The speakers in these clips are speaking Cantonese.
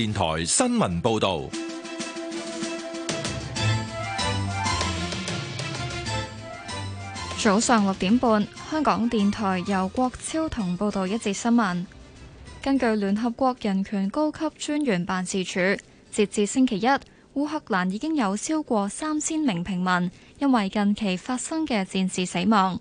電台新聞報道：早上六點半，香港電台由郭超同報道一節新聞。根據聯合國人權高級專員辦事處，截至星期一，烏克蘭已經有超過三千名平民因為近期發生嘅戰事死亡。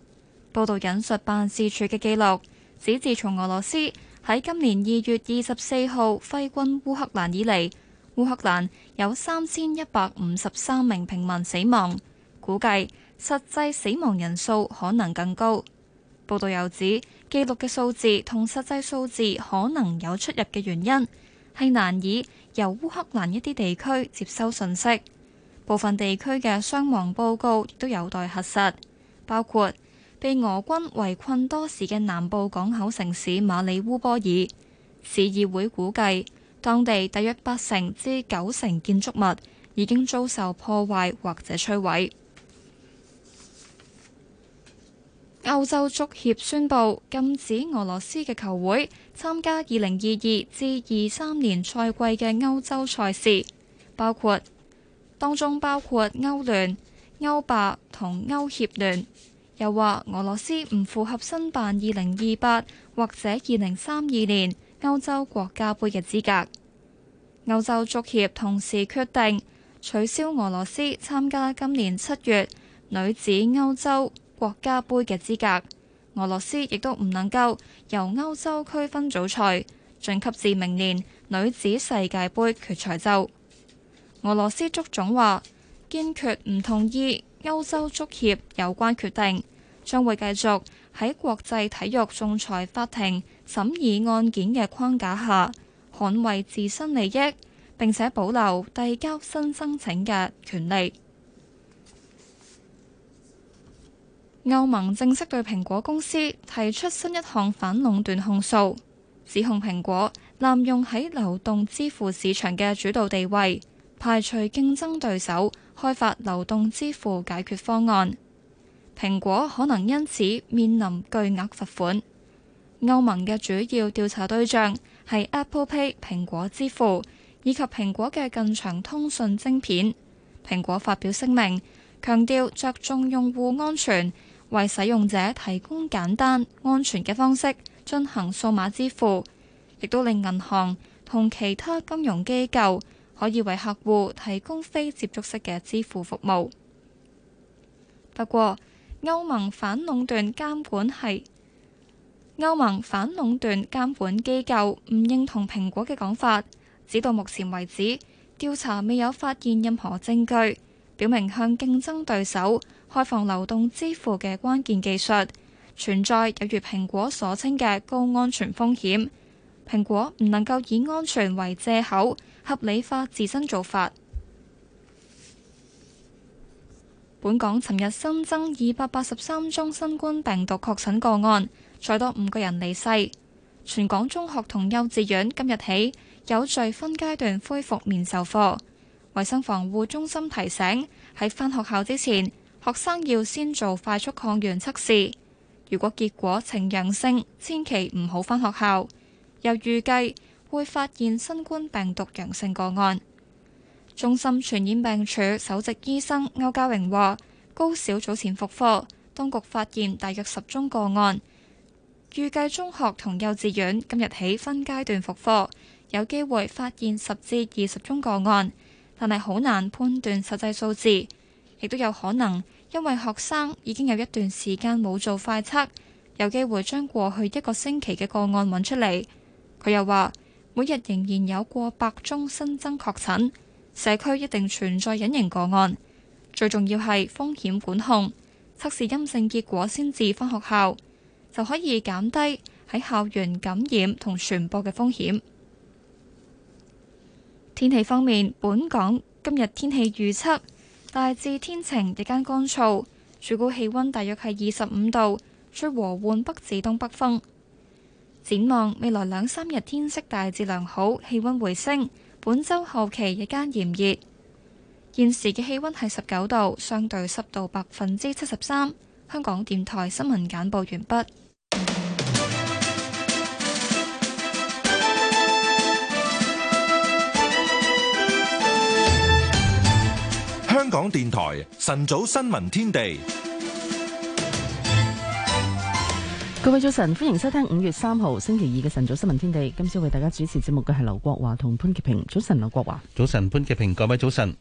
報道引述辦事處嘅記錄，指自從俄羅斯喺今年二月二十四號揮軍烏克蘭以嚟，烏克蘭有三千一百五十三名平民死亡，估計實際死亡人數可能更高。報道又指，記錄嘅數字同實際數字可能有出入嘅原因係難以由烏克蘭一啲地區接收信息，部分地區嘅傷亡報告亦都有待核實，包括，被俄軍圍困多時嘅南部港口城市馬里烏波爾，市議會估計，當地大約八成至九成建築物已經遭受破壞或者摧毀。歐洲足協宣布禁止俄羅斯嘅球會參加二零二二至二三年賽季嘅歐洲賽事，包括，當中包括歐聯、歐霸同歐協聯。又話俄羅斯唔符合申辦二零二八或者二零三二年歐洲國家杯嘅資格。歐洲足協同時決定取消俄羅斯參加今年七月女子歐洲國家杯嘅資格。俄羅斯亦都唔能夠由歐洲區分組賽晉級至明年女子世界盃決賽周。俄羅斯足總話堅決唔同意。歐洲足協有關決定將會繼續喺國際體育仲裁法庭審議案件嘅框架下捍衞自身利益，並且保留遞交新申請嘅權利。歐盟正式對蘋果公司提出新一項反壟斷控訴，指控蘋果濫用喺流動支付市場嘅主導地位，排除競爭對手。開發流動支付解決方案，蘋果可能因此面臨巨額罰款。歐盟嘅主要調查對象係 Apple Pay、蘋果支付以及蘋果嘅近場通訊晶片。蘋果發表聲明，強調着重用戶安全，為使用者提供簡單、安全嘅方式進行數碼支付，亦都令銀行同其他金融機構，可以為客戶提供非接觸式嘅支付服務。不過，歐盟反壟斷監管係歐盟反壟斷監管機構唔認同蘋果嘅講法，直到目前為止調查未有發現任何證據表明向競爭對手開放流動支付嘅關鍵技術存在有如蘋果所稱嘅高安全風險。蘋果唔能夠以安全為藉口。合理化自身做法。本港尋日新增二百八十三宗新冠病毒確診個案，再多五個人離世。全港中學同幼稚園今日起有序分階段恢復面授課。衛生防護中心提醒，喺返學校之前，學生要先做快速抗原測試。如果結果呈陽性，千祈唔好返學校。又預計。會發現新冠病毒陽性個案。中心傳染病處首席醫生歐家榮話，高小早前復課，當局發現大約十宗個案，預計中學同幼稚園今日起分階段復課，有機會發現十至二十宗個案，但係好難判斷實際數字，亦都有可能因為學生已經有一段時間冇做快測，有機會將過去一個星期嘅個案揾出嚟。佢又話：每日仍然有過百宗新增確診，社區一定存在隱形個案。最重要係風險管控，測試陰性結果先至返學校，就可以減低喺校園感染同傳播嘅風險。天氣方面，本港今日天氣預測大致天晴，日間乾燥，最高氣溫大約係二十五度，吹和緩北至東北風。展望未來兩三日天色大致良好，氣溫回升。本週後期日間炎熱。現時嘅氣溫係十九度，相對濕度百分之七十三。香港電台新聞簡報完畢。香港電台晨早新聞天地。各位早晨，歡迎收聽五月三號星期二嘅晨早新聞天地。今朝為大家主持節目嘅係劉國華同潘潔平。早晨，劉國華。早晨，潘潔平。各位早晨。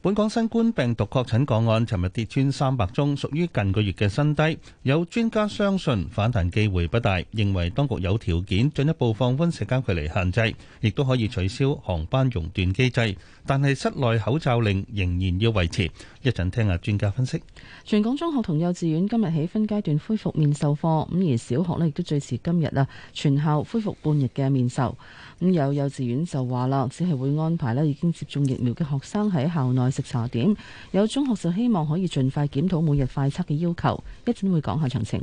本港新冠病毒確診個案，尋日跌穿三百宗，屬於近個月嘅新低。有專家相信反彈機會不大，認為當局有條件進一步放寬社交距離限制，亦都可以取消航班熔斷機制。但係室內口罩令仍然要維持。一陣聽下專家分析。全港中學同幼稚園今日起分階段恢復面授課，咁而小學呢亦都最遲今日啦，全校恢復半日嘅面授。咁有幼稚園就話啦，只係會安排咧已經接種疫苗嘅學生喺校內食茶點。有中學就希望可以盡快檢討每日快測嘅要求。一陣會講下詳情。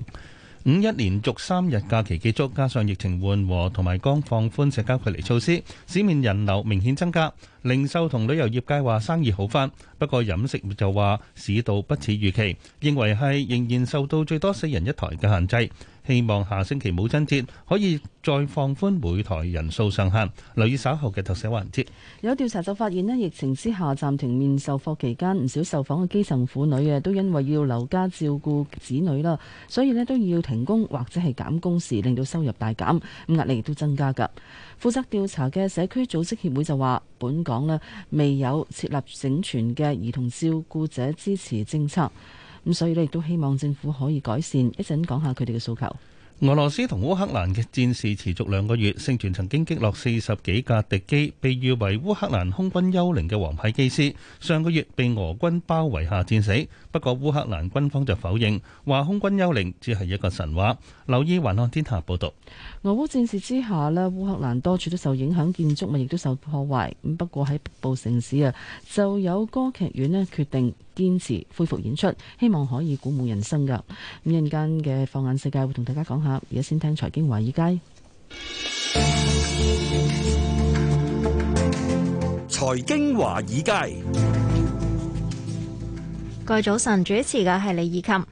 五一連續三日假期結束，加上疫情緩和同埋剛放寬社交距離措施，市面人流明顯增加，零售同旅遊業界話生意好返。不過飲食就話市道不似預期，認為係仍然受到最多四人一台嘅限制。希望下星期母親節可以再放寬每台人數上限。留意稍後嘅特寫環節。有調查就發現，呢疫情之下暫停面授課期間唔少受訪嘅基層婦女嘅都因為要留家照顧子女啦，所以咧都要停工或者係減工時令到收入大減，壓力亦都增加噶。負責調查嘅社區組織協會就話，本港呢未有設立整全嘅兒童照顧者支持政策。咁所以咧，亦都希望政府可以改善。一陣講下佢哋嘅訴求。俄羅斯同烏克蘭嘅戰事持續兩個月，勝團曾經擊落四十幾架敵機，被譽為烏克蘭空軍幽靈嘅王牌機師，上個月被俄軍包圍下戰死。不過烏克蘭軍方就否認，話空軍幽靈只係一個神話，留意環看天下報道，俄烏戰事之下咧，烏克蘭多處都受影響，建築物亦都受破壞，咁不過喺北部城市啊，就有歌劇院咧決定，堅持恢復演出，希望可以鼓舞人心噶。咁一陣間嘅放眼世界會同大家講下，而家先聽財經華爾街。財經華爾街，各位早晨，主持嘅係李綺琴。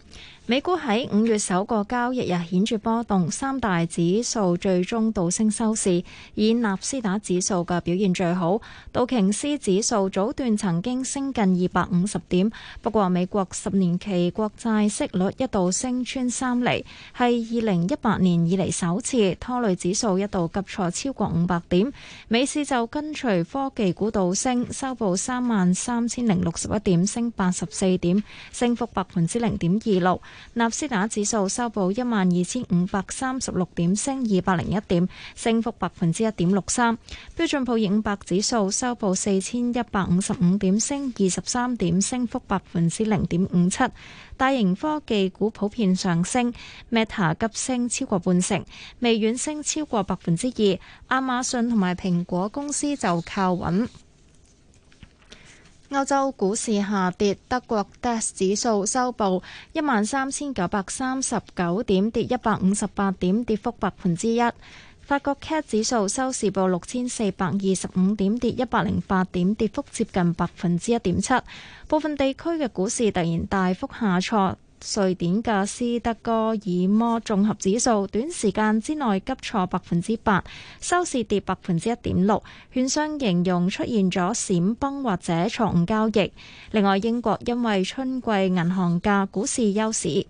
美股喺五月首個交易日顯著波動，三大指數最終倒升收市，以納斯達指數嘅表現最好。道瓊斯指數早段曾經升近二百五十點，不過美國十年期國債息率一度升穿三厘，係二零一八年以嚟首次，拖累指數一度急挫超過五百點。美市就跟隨科技股倒升，收報三萬三千零六十一點，升八十四點，升幅百分之零點二六。納斯達指數收報一萬二千五百三十六點，升二百零一點，升幅百分之一點六三。標準普爾五百指數收報四千一百五十五點，升二十三點，升幅百分之零點五七。大型科技股普遍上升，Meta 急升超過半成，微軟升超過百分之二，亞馬遜同埋蘋果公司就靠穩。歐洲股市下跌，德國 DAX 指數收報一萬三千九百三十九點，跌一百五十八點，跌幅百分之一。法國 CAC 指數收市報六千四百二十五點，跌一百零八點，跌幅接近百分之一點七。部分地區嘅股市突然大幅下挫。瑞典嘅斯德哥爾摩綜合指數短時間之內急挫百分之八，收市跌百分之一點六。券商形容出現咗閃崩或者錯誤交易。另外，英國因為春季銀行假股市休市。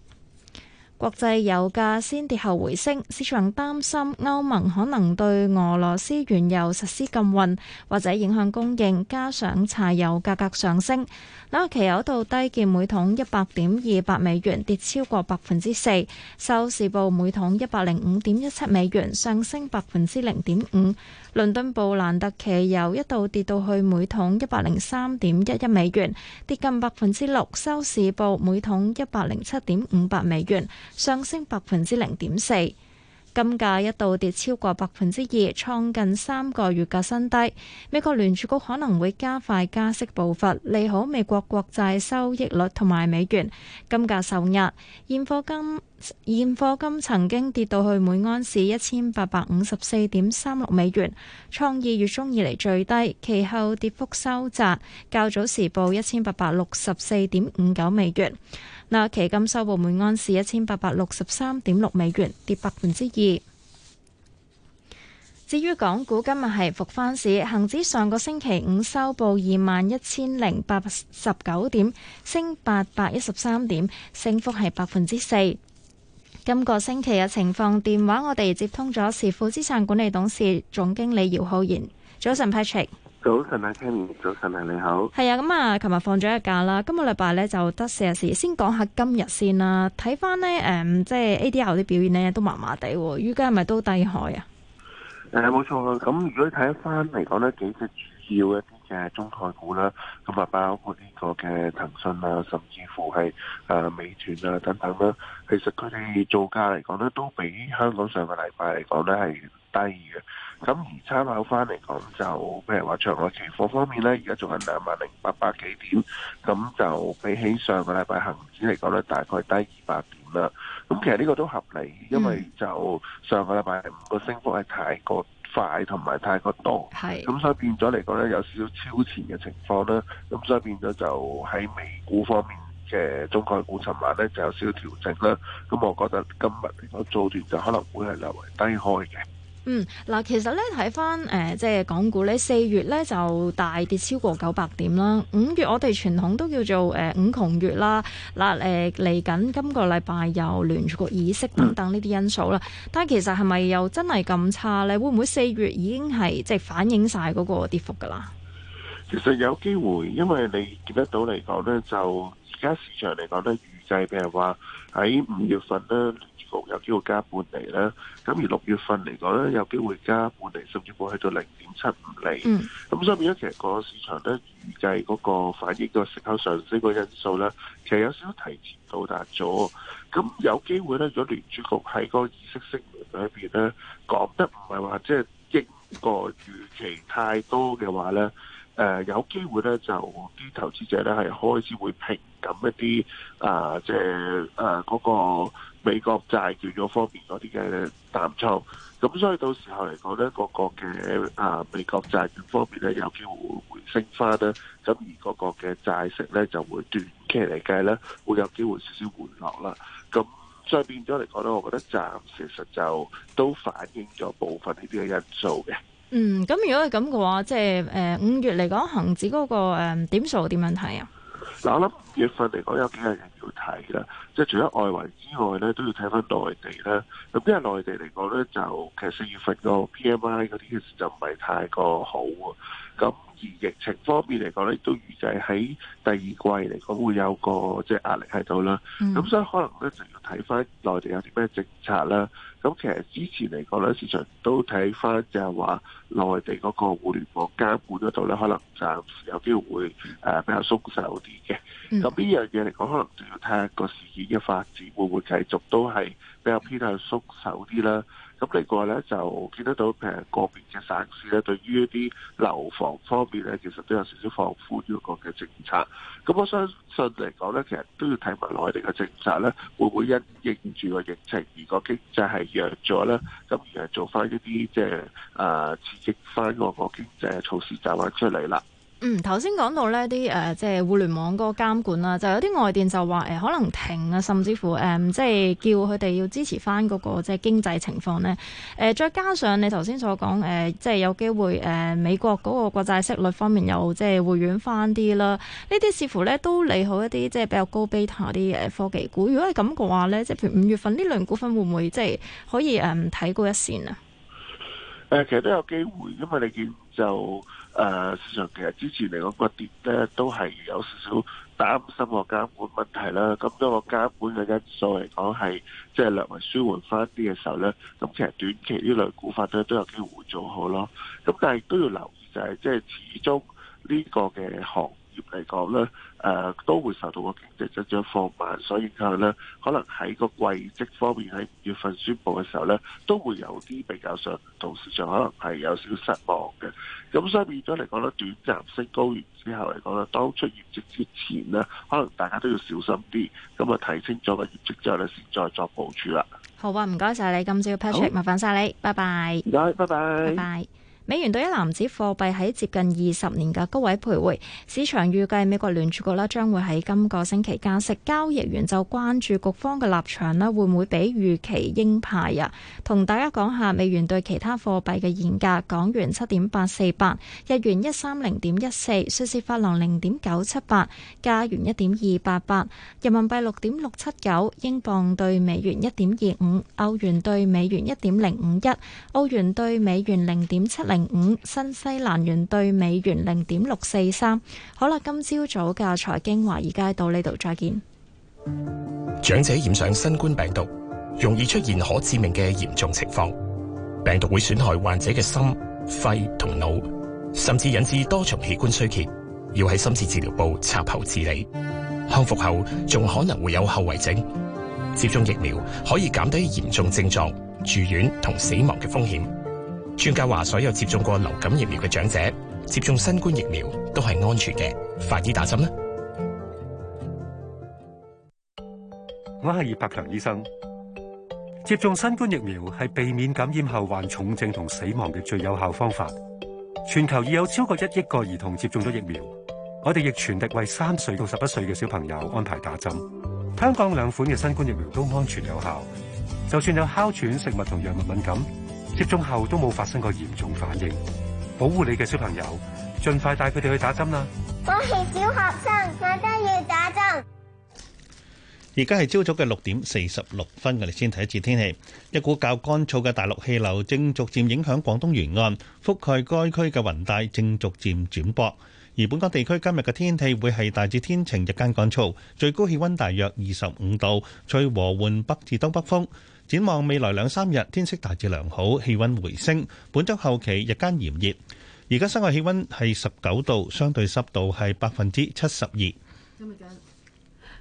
國際油價先跌後回升，市場擔心歐盟可能對俄羅斯原油實施禁運或者影響供應，加上柴油價格上升，紐約期油一度低見每桶一百點二百美元，跌超過百分之四，收市報每桶一百零五點一七美元，上升百分之零點五。倫敦布蘭特期油一度跌到去每桶一百零三點一一美元，跌近百分之六，收市報每桶一百零七點五八美元，上升百分之零點四。金價一度跌超過百分之二，創近三個月嘅新低。美國聯儲局可能會加快加息步伐，利好美國國債收益率同埋美元。金價受壓，現貨金現貨金曾經跌到去每安士一千八百五十四點三六美元，創二月中以嚟最低。其後跌幅收窄，較早時報一千八百六十四點五九美元。嗱，期金收報每安士一千八百六十三點六美元，跌百分之二。至於港股今日係復翻市，恒指上個星期五收報二萬一千零八十九點，升八百一十三點，升幅係百分之四。今個星期嘅情況，電話我哋接通咗時富資產管理董事總經理姚浩然。早晨，Patrick。早晨啊，Ken，早晨啊，你好。係啊，咁啊，琴日放咗一日假啦，今個禮拜咧就得四日事。先講下今日先啦，睇翻咧誒，即係 ADR 啲表現咧都麻麻地，依家係咪都低開啊？誒、嗯，冇錯啊。咁如果睇翻嚟講咧，幾隻主要一啲嘅中概股啦，咁啊包括呢個嘅騰訊啊，甚至乎係誒美團啊等等啦，其實佢哋造價嚟講咧都比香港上個禮拜嚟講咧係低嘅。咁而參考翻嚟講，就譬如話，場外期貨方面咧，而家仲係兩萬零八百幾點，咁就比起上個禮拜恒指嚟講咧，大概低二百點啦。咁其實呢個都合理，因為就上個禮拜五個升幅係太過快同埋太過多，咁的所以變咗嚟講咧有少少超前嘅情況啦。咁所以變咗就喺美股方面嘅中概股尋晚咧就有少少調整啦。咁我覺得今日嚟講早段就可能會係略為低開嘅。嗯，嗱，其實咧睇翻，誒，即、呃、係、就是、港股咧，四月咧就大跌超過九百點啦。五月我哋傳統都叫做，誒、呃，五窮月啦。嗱、呃，誒，嚟緊今個禮拜又聯儲局議息等等呢啲因素啦。嗯、但係其實係咪又真係咁差咧？會唔會四月已經係即係反映晒嗰個跌幅噶啦？其實有機會，因為你見得到嚟講咧，就而家市場嚟講咧，預計譬如話喺五月份咧。有機會加半厘啦。咁而六月份嚟講咧，有機會加半厘，甚至乎去到零點七五厘。咁、嗯、所以變咗，其實個市場咧預計嗰個反應個息口上升個因素咧，其實有少少提前到達咗。咁有機會咧，如果聯儲局喺個議息聲明裏邊咧講得唔係話即係鷹過預期太多嘅話咧，誒、呃、有機會咧就啲投資者咧係開始會平減一啲啊，即係啊嗰個。美國債券嗰方面嗰啲嘅淡倉，咁所以到時候嚟講咧，個個嘅啊美國債券方面咧有機會回升翻啦。咁而個個嘅債息咧就會短期嚟計咧會有機會少少回落啦。咁所以變咗嚟講咧，我覺得暫時實就都反映咗部分呢啲嘅因素嘅。嗯，咁如果係咁嘅話，即係誒五月嚟講，恒指嗰個誒點數點樣睇啊？嗱，我諗五月份嚟講有幾個人要睇啦，即係除咗外圍之外咧，都要睇翻內地啦。咁因為內地嚟講咧，就其實四月份個 P M I 嗰啲其實就唔係太過好啊。咁而疫情方面嚟講咧，都預計喺第二季嚟講會有個即係壓力喺度啦。咁、嗯、所以可能咧就要睇翻內地有啲咩政策啦。咁其實之前嚟講咧，市場都睇翻就係話內地嗰個互聯網監管嗰度咧，可能暫時有機會會比較鬆手啲嘅。咁呢樣嘢嚟講，可能就要睇下個事件嘅發展會唔會繼續都係比較偏向鬆手啲啦。咁嚟講咧，過就見得到誒個別嘅省市咧，對於一啲樓房方面咧，其實都有少少放寬嗰個嘅政策。咁我相信嚟講咧，其實都要睇埋內地嘅政策咧，會唔會因應住個疫情，如果經濟係弱咗咧，咁而係做翻一啲即係誒刺激翻個個經濟嘅、啊、措施就話出嚟啦。嗯，頭先講到呢啲誒，即係互聯網嗰個監管啦，就有啲外電就話誒、呃，可能停啊，甚至乎誒、呃，即係叫佢哋要支持翻嗰個即係經濟情況咧。誒、呃，再加上你頭先所講誒、呃，即係有機會誒、呃，美國嗰個國債息率方面又即係會軟翻啲啦。呢啲似乎咧都利好一啲即係比較高 beta 啲誒科技股。如果係咁嘅話咧，即係譬如五月份呢輪股份會唔會即係可以誒睇高一線啊？誒，其實都有機會，因為你見就誒、呃、市場其實之前嚟講，個跌咧，都係有少少擔心個監管問題啦。咁當個監管嘅因素嚟講，係即係略微舒緩返啲嘅時候咧，咁其實短期呢類股法咧都有機會做好咯。咁但係都要留意，就係，就係即係始終呢個嘅行業嚟講咧。誒，都會受到個經濟增長放慢，所以影響呢，可能喺個季績方面喺五月份宣布嘅時候呢，都會有啲比較上同市場可能係有少少失望嘅。咁所以變咗嚟講呢，短暫升高完之後嚟講呢，當出業績之前呢，可能大家都要小心啲。咁啊，睇清楚個業績之後呢，先再作部署啦。好啊，唔該晒你，今朝 Patrick，好麻煩晒你，拜拜。好，拜拜。拜拜。美元兌一籃子貨幣喺接近二十年嘅高位徘徊，市場預計美國聯儲局咧將會喺今個星期加息，交易員就關注局方嘅立場咧會唔會比預期鷹派啊？同大家講下美元對其他貨幣嘅現價，港元七點八四八，日元一三零點一四，瑞士法郎零點九七八，加元一點二八八，人民幣六點六七九，英鎊兌美元一點二五，歐元兌美元一點零五一，澳元兌美元零點七零。零五新西蘭元兌美元零點六四三。好啦，今朝早嘅財經華爾街到呢度再見。長者染上新冠病毒，容易出現可致命嘅嚴重情況，病毒會損害患者嘅心、肺同腦，甚至引致多重器官衰竭，要喺深切治療部插喉治理。康復後仲可能會有後遺症。接種疫苗可以減低嚴重症狀、住院同死亡嘅風險。專家話：所有接種過流感疫苗嘅長者接種新冠疫苗都係安全嘅。快啲打針啦！我係葉柏強醫生。接種新冠疫苗係避免感染後患重症同死亡嘅最有效方法。全球已有超過一億個兒童接種咗疫苗。我哋亦全力為三歲到十一歲嘅小朋友安排打針。香港兩款嘅新冠疫苗都安全有效，就算有哮喘、食物同藥物敏感，接種後都冇發生過嚴重反應，保護你嘅小朋友，盡快帶佢哋去打針啦！我係小學生，我都要打針。而家係朝早嘅六點四十六分，我哋先睇一次天氣。一股較乾燥嘅大陸氣流正逐漸影響廣東沿岸，覆蓋該區嘅雲帶正逐漸轉薄。而本港地區今日嘅天氣會係大致天晴，日間乾燥，最高氣溫大約二十五度，吹和緩北至東北風。展望未來兩三日，天色大致良好，氣温回升。本周後期日間炎熱。而家室外氣温係十九度，相對濕度係百分之七十二。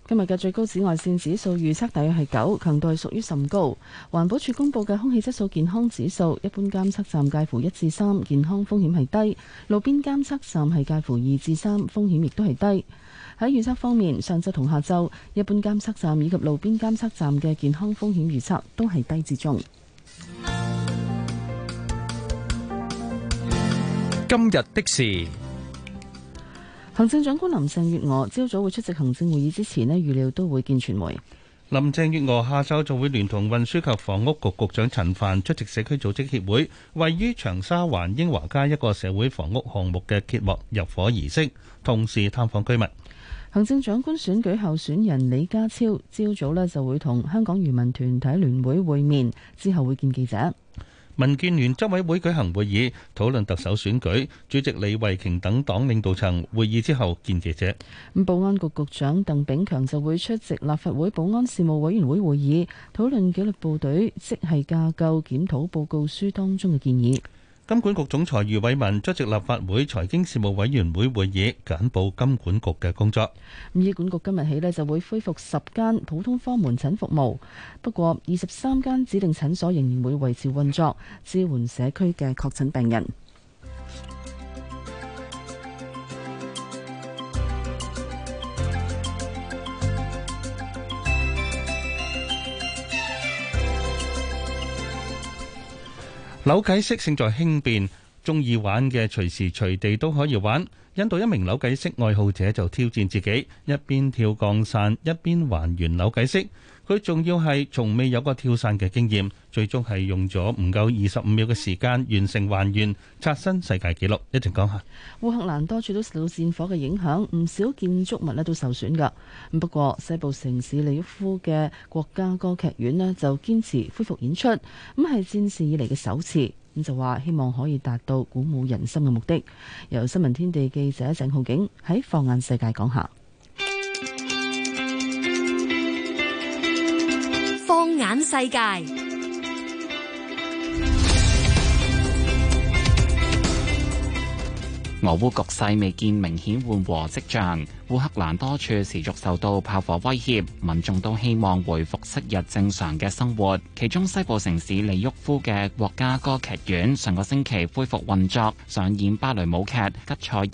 今日嘅最高紫外線指數預測大約係九，強度係屬於甚高。環保署公布嘅空氣質素健康指數，一般監測站介乎一至三，健康風險係低；路邊監測站係介乎二至三，風險亦都係低。喺預測方面，上晝同下晝，一般監測站以及路邊監測站嘅健康風險預測都係低至中。今日的事，行政長官林鄭月娥朝早會出席行政會議之前咧，預料都會見傳媒。林鄭月娥下晝就會聯同運輸及房屋局局、局長陳帆出席社區組織協會位於長沙灣英華街一個社會房屋項目嘅揭幕入伙儀式，同時探訪居民。行政長官選舉候選人李家超，朝早呢就會同香港漁民團體聯會會面，之後會見記者。民建聯執委會舉行會議，討論特首選舉，主席李慧瓊等黨領導層會議之後見記者。咁，保安局局長鄧炳強就會出席立法會保安事務委員會會議，討論紀律部隊即係架構檢討報告書當中嘅建議。金管局總裁余偉文出席立法會財經事務委員會會議，簡報金管局嘅工作。醫管局今日起咧就會恢復十間普通科門診服務，不過二十三間指定診所仍然會維持運作，支援社區嘅確診病人。扭計式勝在輕便，中意玩嘅隨時隨地都可以玩。印度一名扭計式愛好者就挑戰自己，一邊跳降傘，一邊還原扭計式。佢仲要係從未有過跳傘嘅經驗，最終係用咗唔夠二十五秒嘅時間完成還原，刷新世界紀錄。一陣講下。烏克蘭多處都受到戰火嘅影響，唔少建築物咧都受損噶。不過西部城市利沃夫嘅國家歌劇院咧就堅持恢復演出，咁係戰事以嚟嘅首次。咁就話希望可以達到鼓舞人心嘅目的。由新聞天地記者鄭浩景喺放眼世界講下。眼世界，俄烏局勢未見明顯緩和跡象。烏克蘭多處持續受到炮火威脅，民眾都希望回復昔日正常嘅生活。其中西部城市利沃夫嘅國家歌劇院上個星期恢復運作，上演芭蕾舞劇《吉塞爾》，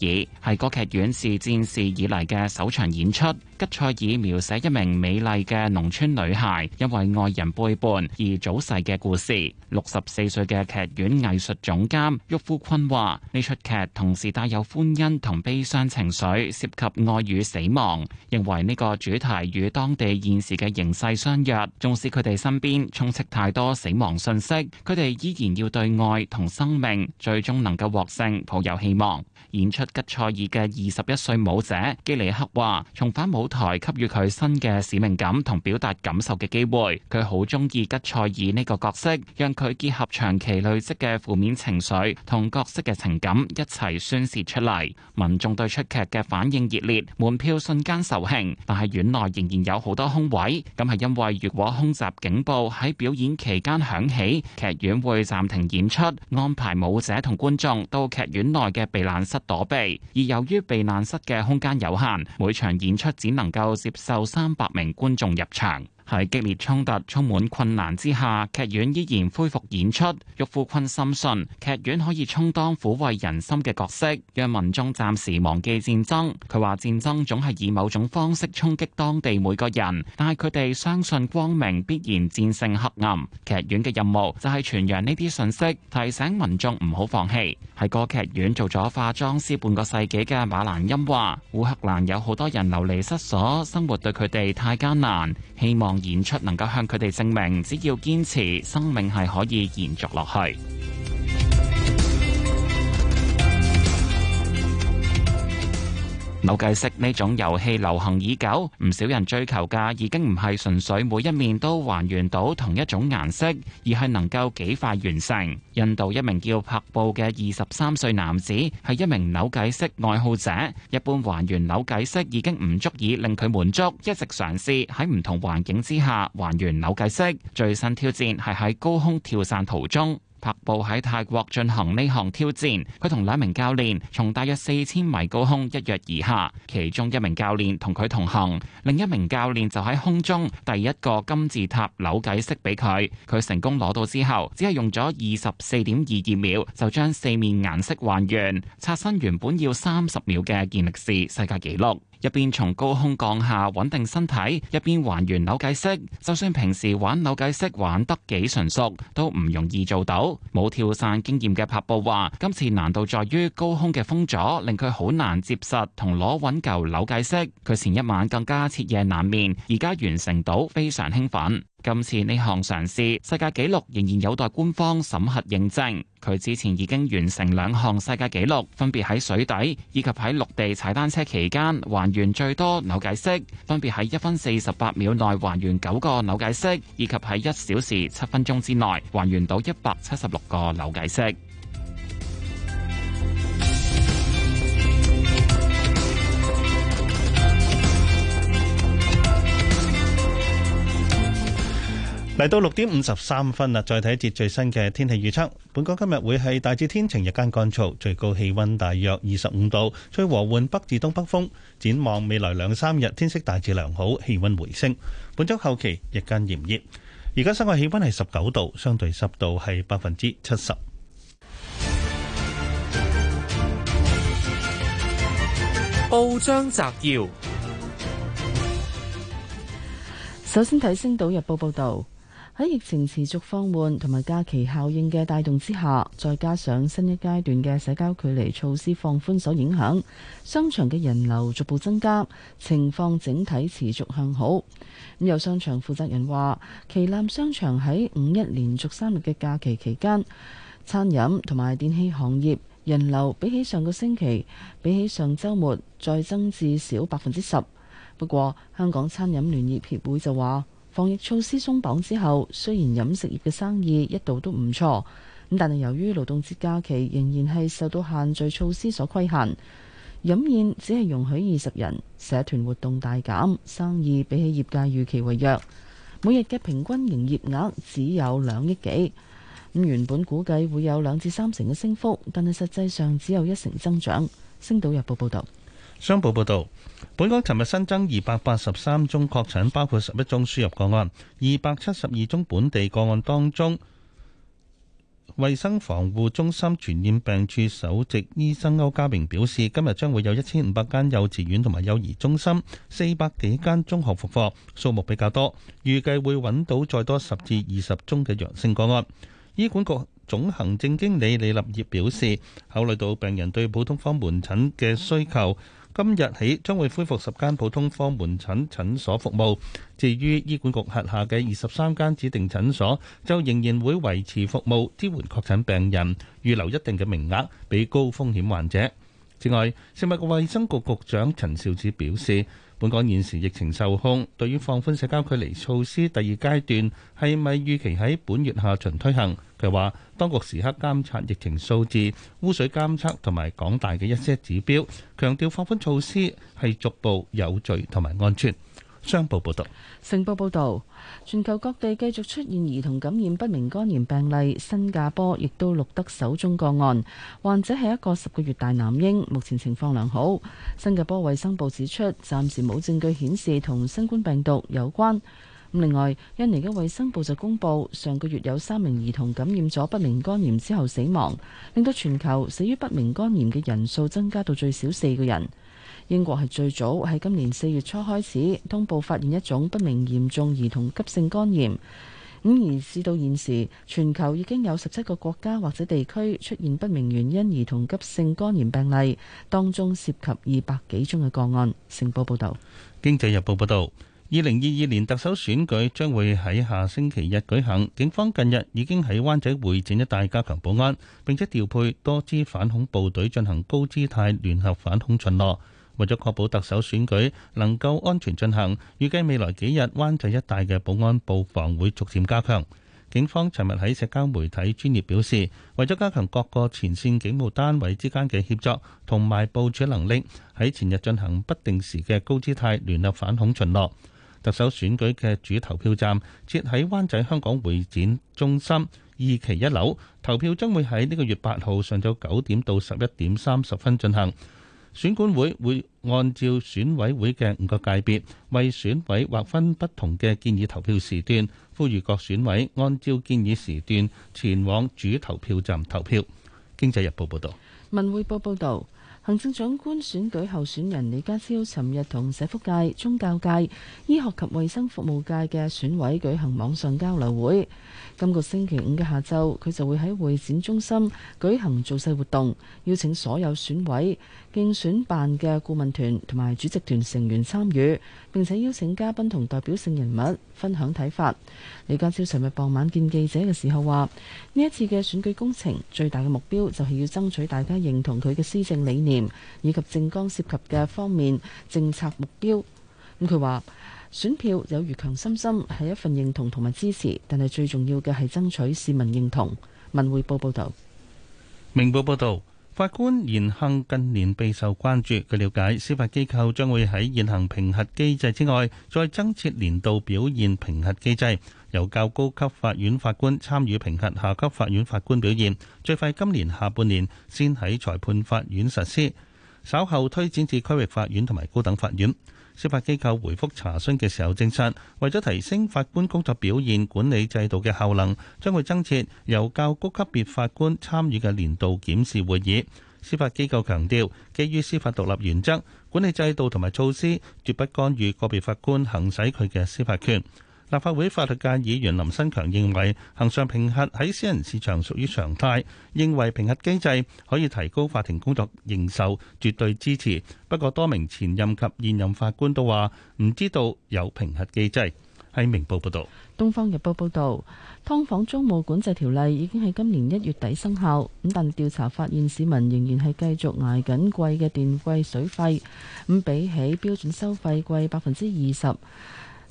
係歌劇院自戰事以嚟嘅首場演出。《吉塞爾》描寫一名美麗嘅農村女孩因為愛人背叛而早逝嘅故事。六十四歲嘅劇院藝術總監沃夫坤話：呢出劇同時帶有歡欣同悲傷情緒，涉及愛。與死亡，認為呢個主題與當地現時嘅形勢相若，縱使佢哋身邊充斥太多死亡信息，佢哋依然要對愛同生命最終能夠獲勝抱有希望。演出吉賽爾嘅二十一歲舞者基里克話，重返舞台給予佢新嘅使命感同表達感受嘅機會，佢好中意吉賽爾呢個角色，讓佢結合長期累積嘅負面情緒同角色嘅情感一齊宣泄出嚟。民眾對出劇嘅反應熱烈，門票瞬間售罄，但係院內仍然有好多空位。咁係因為如果空襲警報喺表演期間響起，劇院會暫停演出，安排舞者同觀眾到劇院內嘅避難室，躲避，而由於避難室嘅空間有限，每場演出只能夠接受三百名觀眾入場。喺激烈衝突、充滿困難之下，劇院依然恢復演出。玉富坤深信劇院可以充當撫慰人心嘅角色，讓民眾暫時忘記戰爭。佢話：戰爭總係以某種方式衝擊當地每個人，但係佢哋相信光明必然戰勝黑暗。劇院嘅任務就係傳揚呢啲訊息，提醒民眾唔好放棄。喺個劇院做咗化妝師半個世紀嘅馬蘭恩話：烏克蘭有好多人流離失所，生活對佢哋太艱難，希望，演出能夠向佢哋證明，只要堅持，生命係可以延續落去。扭計骰呢種遊戲流行已久，唔少人追求嘅已經唔係純粹每一面都還原到同一種顏色，而係能夠幾快完成。印度一名叫帕布嘅二十三歲男子係一名扭計骰愛好者。一般還原扭計骰已經唔足以令佢滿足，一直嘗試喺唔同環境之下還原扭計骰。最新挑戰係喺高空跳傘途中。拍布喺泰國進行呢項挑戰，佢同兩名教練從大約四千米高空一躍而下，其中一名教練同佢同行，另一名教練就喺空中遞一個金字塔扭計骰俾佢，佢成功攞到之後，只係用咗二十四點二二秒就將四面顏色還原，刷新原本要三十秒嘅健力士世界紀錄。一邊從高空降下穩定身體，一邊還原扭計骰。就算平時玩扭計骰玩得幾純熟，都唔容易做到。冇跳傘經驗嘅帕布話：今次難度在於高空嘅風阻，令佢好難接實同攞穩嚿扭計骰。佢前一晚更加徹夜難眠，而家完成到非常興奮。今次呢項嘗試，世界紀錄仍然有待官方審核認證。佢之前已經完成兩項世界紀錄，分別喺水底以及喺陸地踩單車期間還原最多扭計骰，分別喺一分四十八秒內還原九個扭計骰，以及喺一小時七分鐘之內還原到一百七十六個扭計骰。嚟到六點五十三分啦，再睇一節最新嘅天氣預測。本港今日會係大致天晴，日間乾燥，最高氣溫大約二十五度，吹和緩北至東北風。展望未來兩三日，天色大致良好，氣溫回升。本周後期日間炎熱。而家室外氣溫係十九度，相對濕度係百分之七十。報章摘要：首先睇《星島日報》報道。喺疫情持續放緩同埋假期效應嘅帶動之下，再加上新一階段嘅社交距離措施放寬所影響，商場嘅人流逐步增加，情況整體持續向好。咁有商場負責人話，旗艦商場喺五一連續三日嘅假期期間，餐飲同埋電器行業人流比起上個星期、比起上週末再增至少百分之十。不過，香港餐飲聯業協會就話。防疫措施鬆綁之後，雖然飲食業嘅生意一度都唔錯，咁但係由於勞動節假期仍然係受到限聚措施所規限，飲宴只係容許二十人，社團活動大減，生意比起業界預期為弱。每日嘅平均營業額只有兩億幾，咁原本估計會有兩至三成嘅升幅，但係實際上只有一成增長。星島日報報道。商報報道。本港尋日新增二百八十三宗確診，包括十一宗輸入個案，二百七十二宗本地個案。當中，衞生防護中心傳染病處首席醫生歐家明表示，今日將會有一千五百間幼稚園同埋幼兒中心、四百幾間中學復課，數目比較多，預計會揾到再多十至二十宗嘅陽性個案。醫管局總行政經理李立業表示，考慮到病人對普通科門診嘅需求。今日起將會恢復十間普通科門診診所服務。至於醫管局轄下嘅二十三間指定診所，就仍然會維持服務，支援確診病人，預留一定嘅名額俾高風險患者。此外，食物及衞生局局長陳肇始表示。本港現時疫情受控，對於放寬社交距離措施第二階段係咪預期喺本月下旬推行？佢話當局時刻監察疫情數字、污水監測同埋港大嘅一些指標，強調放寬措施係逐步有序同埋安全。商報報道，成報報道，全球各地繼續出現兒童感染不明肝炎病例，新加坡亦都錄得首宗個案，患者係一個十個月大男嬰，目前情況良好。新加坡衛生部指出，暫時冇證據顯示同新冠病毒有關。另外，印尼嘅衛生部就公布，上個月有三名兒童感染咗不明肝炎之後死亡，令到全球死於不明肝炎嘅人數增加到最少四個人。英國係最早，喺今年四月初開始，通報發現一種不明嚴重兒童急性肝炎。咁而至到現時，全球已經有十七個國家或者地區出現不明原因兒童急性肝炎病例，當中涉及二百幾宗嘅個案。成報報道。《經濟日報》報道，二零二二年特首選舉將會喺下星期日舉行。警方近日已經喺灣仔會展一帶加強保安，並且調配多支反恐部隊進行高姿態聯合反恐巡邏。為咗確保特首選舉能夠安全進行，預計未來幾日灣仔一帶嘅保安佈防會逐漸加強。警方尋日喺社交媒體專頁表示，為咗加強各個前線警務單位之間嘅協作同埋部署能力，喺前日進行不定時嘅高姿態聯合反恐巡邏。特首選舉嘅主投票站設喺灣仔香港會展中心二期一樓，投票將會喺呢個月八號上晝九點到十一點三十分進行。選管會會按照選委會嘅五個界別，為選委劃分不同嘅建議投票時段，呼籲各選委按照建議時段前往主投票站投票。經濟日報報道，文匯報報道，行政長官選舉候選人李家超尋日同社福界、宗教界、醫學及衛生服務界嘅選委舉行網上交流會。今個星期五嘅下晝，佢就會喺會展中心舉行造勢活動，邀請所有選委。競選辦嘅顧問團同埋主席團成員參與，並且邀請嘉賓同代表性人物分享睇法。李家超尋日傍晚見記者嘅時候話：呢一次嘅選舉工程最大嘅目標就係要爭取大家認同佢嘅施政理念以及政綱涉及嘅方面政策目標。咁佢話選票有如強心針，係一份認同同埋支持，但係最重要嘅係爭取市民認同。文匯報報道，明報報道。法官言行近年備受關注。據了解，司法機構將會喺現行評核機制之外，再增設年度表現評核機制，由較高級法院法官參與評核下級法院法官表現。最快今年下半年先喺裁判法院實施，稍後推展至區域法院同埋高等法院。司法機構回覆查詢嘅時候證實，為咗提升法官工作表現管理制度嘅效能，將會增設由較高級別法官參與嘅年度檢視會議。司法機構強調，基於司法獨立原則，管理制度同埋措施絕不干預個別法官行使佢嘅司法權。立法會法律界議員林新強認為，恆常評核喺私人市場屬於常態，認為評核機制可以提高法庭工作認受，絕對支持。不過，多名前任及現任法官都話唔知道有評核機制。喺明報報導，《東方日報》報導，《劏房租務管制條例》已經喺今年一月底生效，咁但調查發現市民仍然係繼續捱緊貴嘅電費水費，咁比起標準收費貴百分之二十。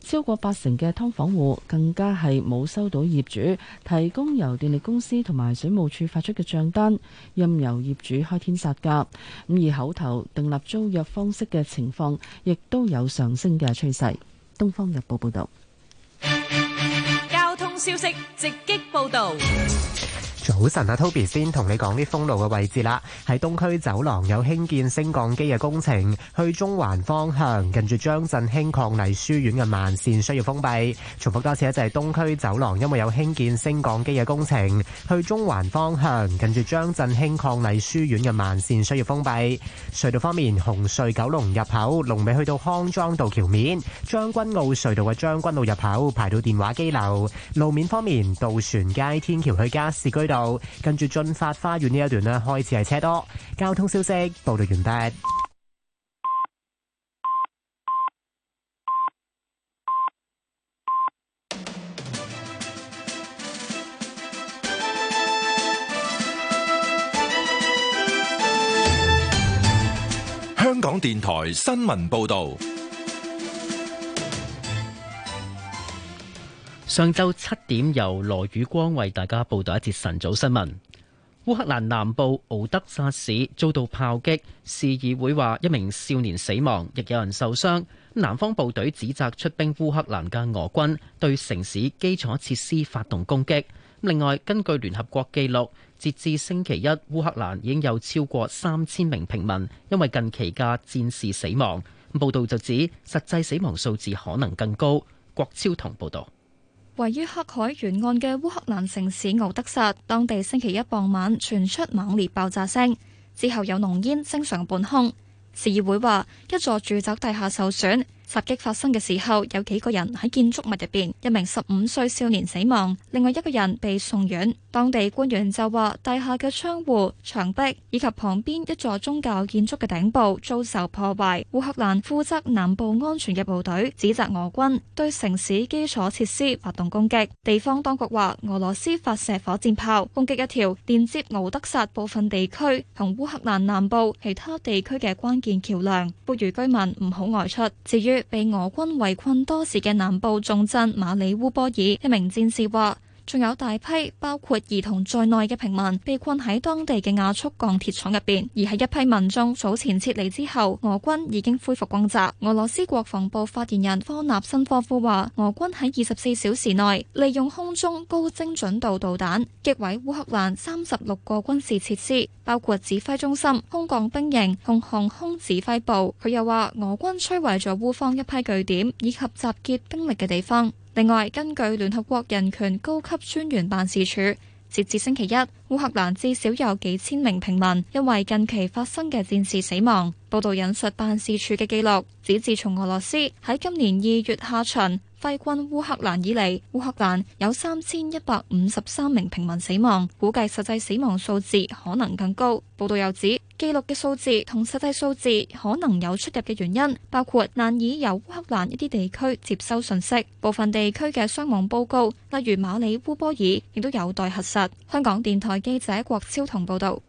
超過八成嘅劏房戶更加係冇收到業主提供由電力公司同埋水務處發出嘅賬單，任由業主開天殺價。咁而口頭訂立租約方式嘅情況，亦都有上升嘅趨勢。《東方日報》報道。交通消息直擊報道。早晨啊，Toby 先同你講啲封路嘅位置啦。喺東區走廊有興建升降機嘅工程，去中環方向近住張振興伉儷書院嘅慢線需要封閉。重複多次，就係東區走廊因為有興建升降機嘅工程，去中環方向近住張振興伉儷書院嘅慢線需要封閉。隧道方面，紅隧九龍入口龍尾去到康莊道橋面，將軍澳隧道嘅將軍澳入口排到電話機樓。路面方面，渡船街天橋去加士居道。跟住駿發花園呢一段咧，開始係車多。交通消息報道完畢。香港電台新聞報道。上晝七點，由羅宇光為大家報道一節晨早新聞。烏克蘭南部敖德薩市遭到炮擊，市議會話一名少年死亡，亦有人受傷。南方部隊指責出兵烏克蘭嘅俄軍對城市基礎設施發動攻擊。另外，根據聯合國記錄，截至星期一，烏克蘭已經有超過三千名平民因為近期嘅戰事死亡。報道就指實際死亡數字可能更高。郭超同報道。位於黑海沿岸嘅烏克蘭城市敖德薩，當地星期一傍晚傳出猛烈爆炸聲，之後有濃煙升上半空。市議會話，一座住宅大廈受損。襲擊發生嘅時候，有幾個人喺建築物入邊，一名十五歲少年死亡，另外一個人被送院。當地官員就話，大廈嘅窗戶、牆壁以及旁邊一座宗教建築嘅頂部遭受破壞。烏克蘭負責南部安全嘅部隊指責俄軍對城市基礎設施發動攻擊。地方當局話，俄羅斯發射火箭炮攻擊一條連接敖德薩部分地區同烏克蘭南部其他地區嘅關鍵橋樑，呼籲居民唔好外出。至於，被俄軍圍困多時嘅南部重鎮馬里烏波爾，一名戰士話，仲有大批包括兒童在內嘅平民被困喺當地嘅亞速鋼鐵廠入邊，而喺一批民眾早前撤離之後，俄軍已經恢復攻襲。俄羅斯國防部發言人科納申科夫話：俄軍喺二十四小時內利用空中高精準度導彈擊毀烏克蘭三十六個軍事設施，包括指揮中心、空降兵營同航空指揮部。佢又話俄軍摧毀咗烏方一批據點以及集結兵力嘅地方。另外，根據聯合國人權高級專員辦事處，截至星期一，烏克蘭至少有幾千名平民因為近期發生嘅戰事死亡。報道引述辦事處嘅記錄，指自從俄羅斯喺今年二月下旬揮軍烏克蘭以嚟，烏克蘭有三千一百五十三名平民死亡，估計實際死亡數字可能更高。報道又指記錄嘅數字同實際數字可能有出入嘅原因，包括難以由烏克蘭一啲地區接收信息，部分地區嘅傷亡報告，例如馬里烏波爾亦都有待核實。香港電台記者郭超同報道。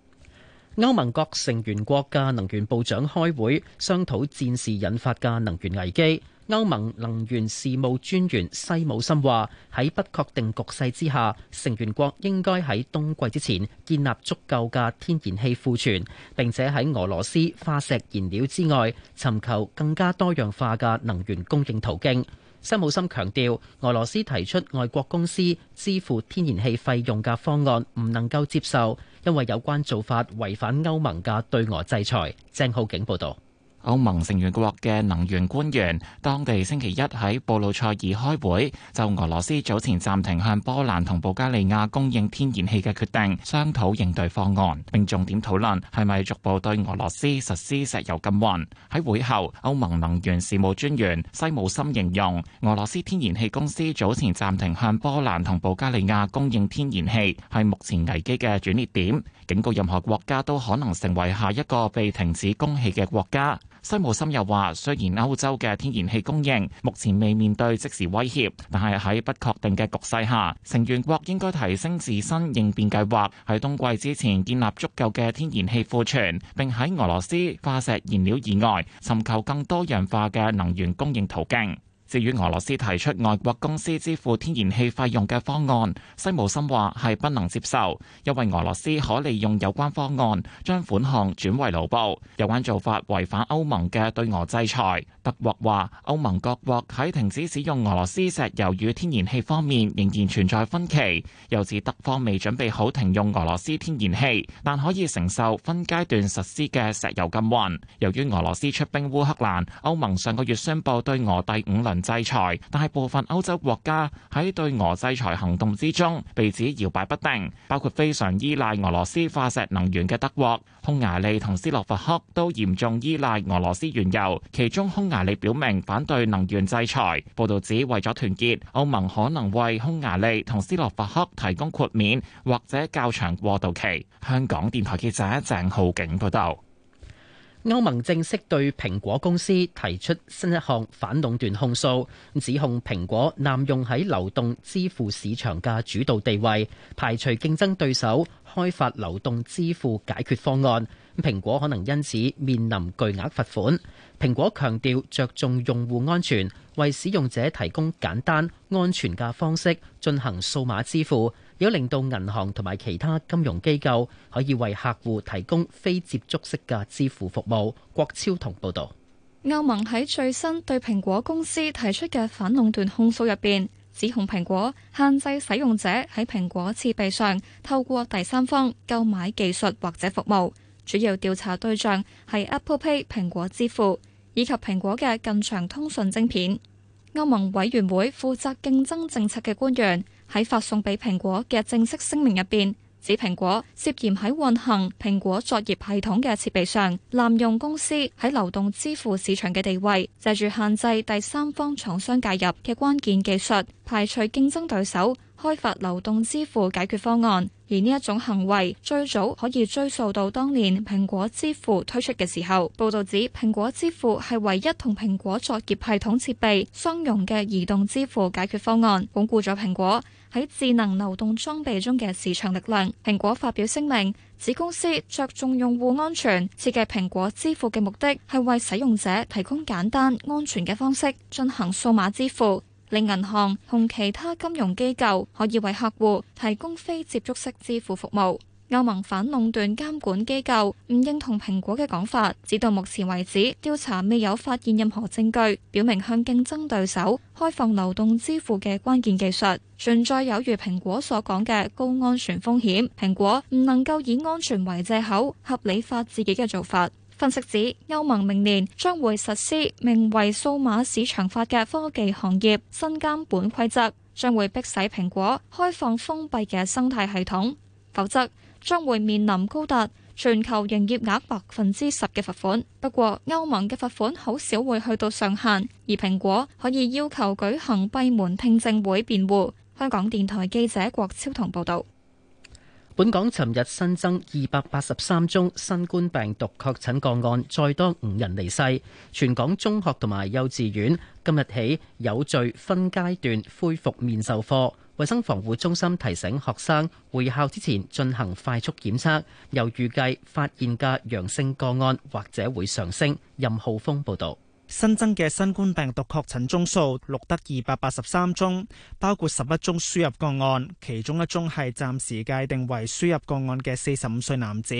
歐盟各成員國嘅能源部長開會商討戰事引發嘅能源危機。歐盟能源事務專員西姆森話：喺不確定局勢之下，成員國應該喺冬季之前建立足夠嘅天然氣庫存，並且喺俄羅斯化石燃料之外，尋求更加多樣化嘅能源供應途徑。西姆森強調，俄羅斯提出外國公司支付天然氣費用嘅方案唔能夠接受，因為有關做法違反歐盟嘅對俄制裁。鄭浩景報導。歐盟成員國嘅能源官員，當地星期一喺布魯塞爾開會，就俄羅斯早前暫停向波蘭同保加利亞供應天然氣嘅決定，商討應對方案，並重點討論係咪逐步對俄羅斯實施石油禁運。喺會後，歐盟能源事務專員西姆森形容，俄羅斯天然氣公司早前暫停向波蘭同保加利亞供應天然氣，係目前危機嘅轉捩點。警告任何國家都可能成為下一個被停止供氣嘅國家。西姆森又話雖然歐洲嘅天然氣供應目前未面對即時威脅，但係喺不確定嘅局勢下，成員國應該提升自身應變計劃，喺冬季之前建立足夠嘅天然氣庫存，並喺俄羅斯化石燃料以外尋求更多樣化嘅能源供應途徑。至於俄羅斯提出外國公司支付天然氣費用嘅方案，西姆森話係不能接受，因為俄羅斯可利用有關方案將款項轉為盧布，有關做法違反歐盟嘅對俄制裁。德國話，歐盟各國喺停止使用俄羅斯石油與天然氣方面仍然存在分歧，又指德方未準備好停用俄羅斯天然氣，但可以承受分階段實施嘅石油禁運。由於俄羅斯出兵烏克蘭，歐盟上個月宣布對俄第五輪制裁，但係部分歐洲國家喺對俄制裁行動之中，被指搖擺不定。包括非常依賴俄羅斯化石能源嘅德國、匈牙利同斯洛伐克都嚴重依賴俄羅斯原油。其中匈牙利表明反對能源制裁。報道指為咗團結，歐盟可能為匈牙利同斯洛伐克提供豁免或者較長過渡期。香港電台記者鄭浩景報道。歐盟正式對蘋果公司提出新一項反壟斷控訴，指控蘋果濫用喺流動支付市場嘅主導地位，排除競爭對手，開發流動支付解決方案。蘋果可能因此面臨巨額罰款。蘋果強調着重用戶安全，為使用者提供簡單、安全嘅方式進行數碼支付。有令到銀行同埋其他金融機構可以為客戶提供非接觸式嘅支付服務。郭超同報導。歐盟喺最新對蘋果公司提出嘅反壟斷控訴入邊，指控蘋果限制使用者喺蘋果設備上透過第三方購買技術或者服務。主要調查對象係 Apple Pay 蘋果支付以及蘋果嘅近場通訊晶片。歐盟委員會負責競爭政策嘅官員。喺發送俾蘋果嘅正式聲明入邊，指蘋果涉嫌喺運行蘋果作業系統嘅設備上濫用公司喺流動支付市場嘅地位，藉住限制第三方廠商介入嘅關鍵技術，排除競爭對手，開發流動支付解決方案。而呢一種行為最早可以追溯到當年蘋果支付推出嘅時候。報導指蘋果支付係唯一同蘋果作業系統設備相容嘅移動支付解決方案，鞏固咗蘋果。喺智能流動裝備中嘅市場力量，蘋果發表聲明，子公司着重用戶安全，設計蘋果支付嘅目的係為使用者提供簡單、安全嘅方式進行數碼支付，令銀行同其他金融機構可以為客戶提供非接觸式支付服務。歐盟反壟斷監管機構唔認同蘋果嘅講法，直到目前為止調查未有發現任何證據，表明向競爭對手開放流動支付嘅關鍵技術存在有如蘋果所講嘅高安全風險。蘋果唔能夠以安全為借口合理化自己嘅做法。分析指歐盟明年將會實施名為“數碼市場法”嘅科技行業新監管規則，將會迫使蘋果開放封閉嘅生態系統，否則，將會面臨高達全球營業額百分之十嘅罰款。不過歐盟嘅罰款好少會去到上限，而蘋果可以要求舉行閉門聽證會辯護。香港電台記者郭超同報道。本港尋日新增二百八十三宗新冠病毒確診個案，再多五人離世。全港中學同埋幼稚園今日起有序分階段恢復面授課。衛生防護中心提醒學生回校，之前進行快速檢測，又預計發現嘅陽性個案或者會上升。任浩峰報道。新增嘅新冠病毒確診宗數錄得二百八十三宗，包括十一宗輸入個案，其中一宗係暫時界定為輸入個案嘅四十五歲男子。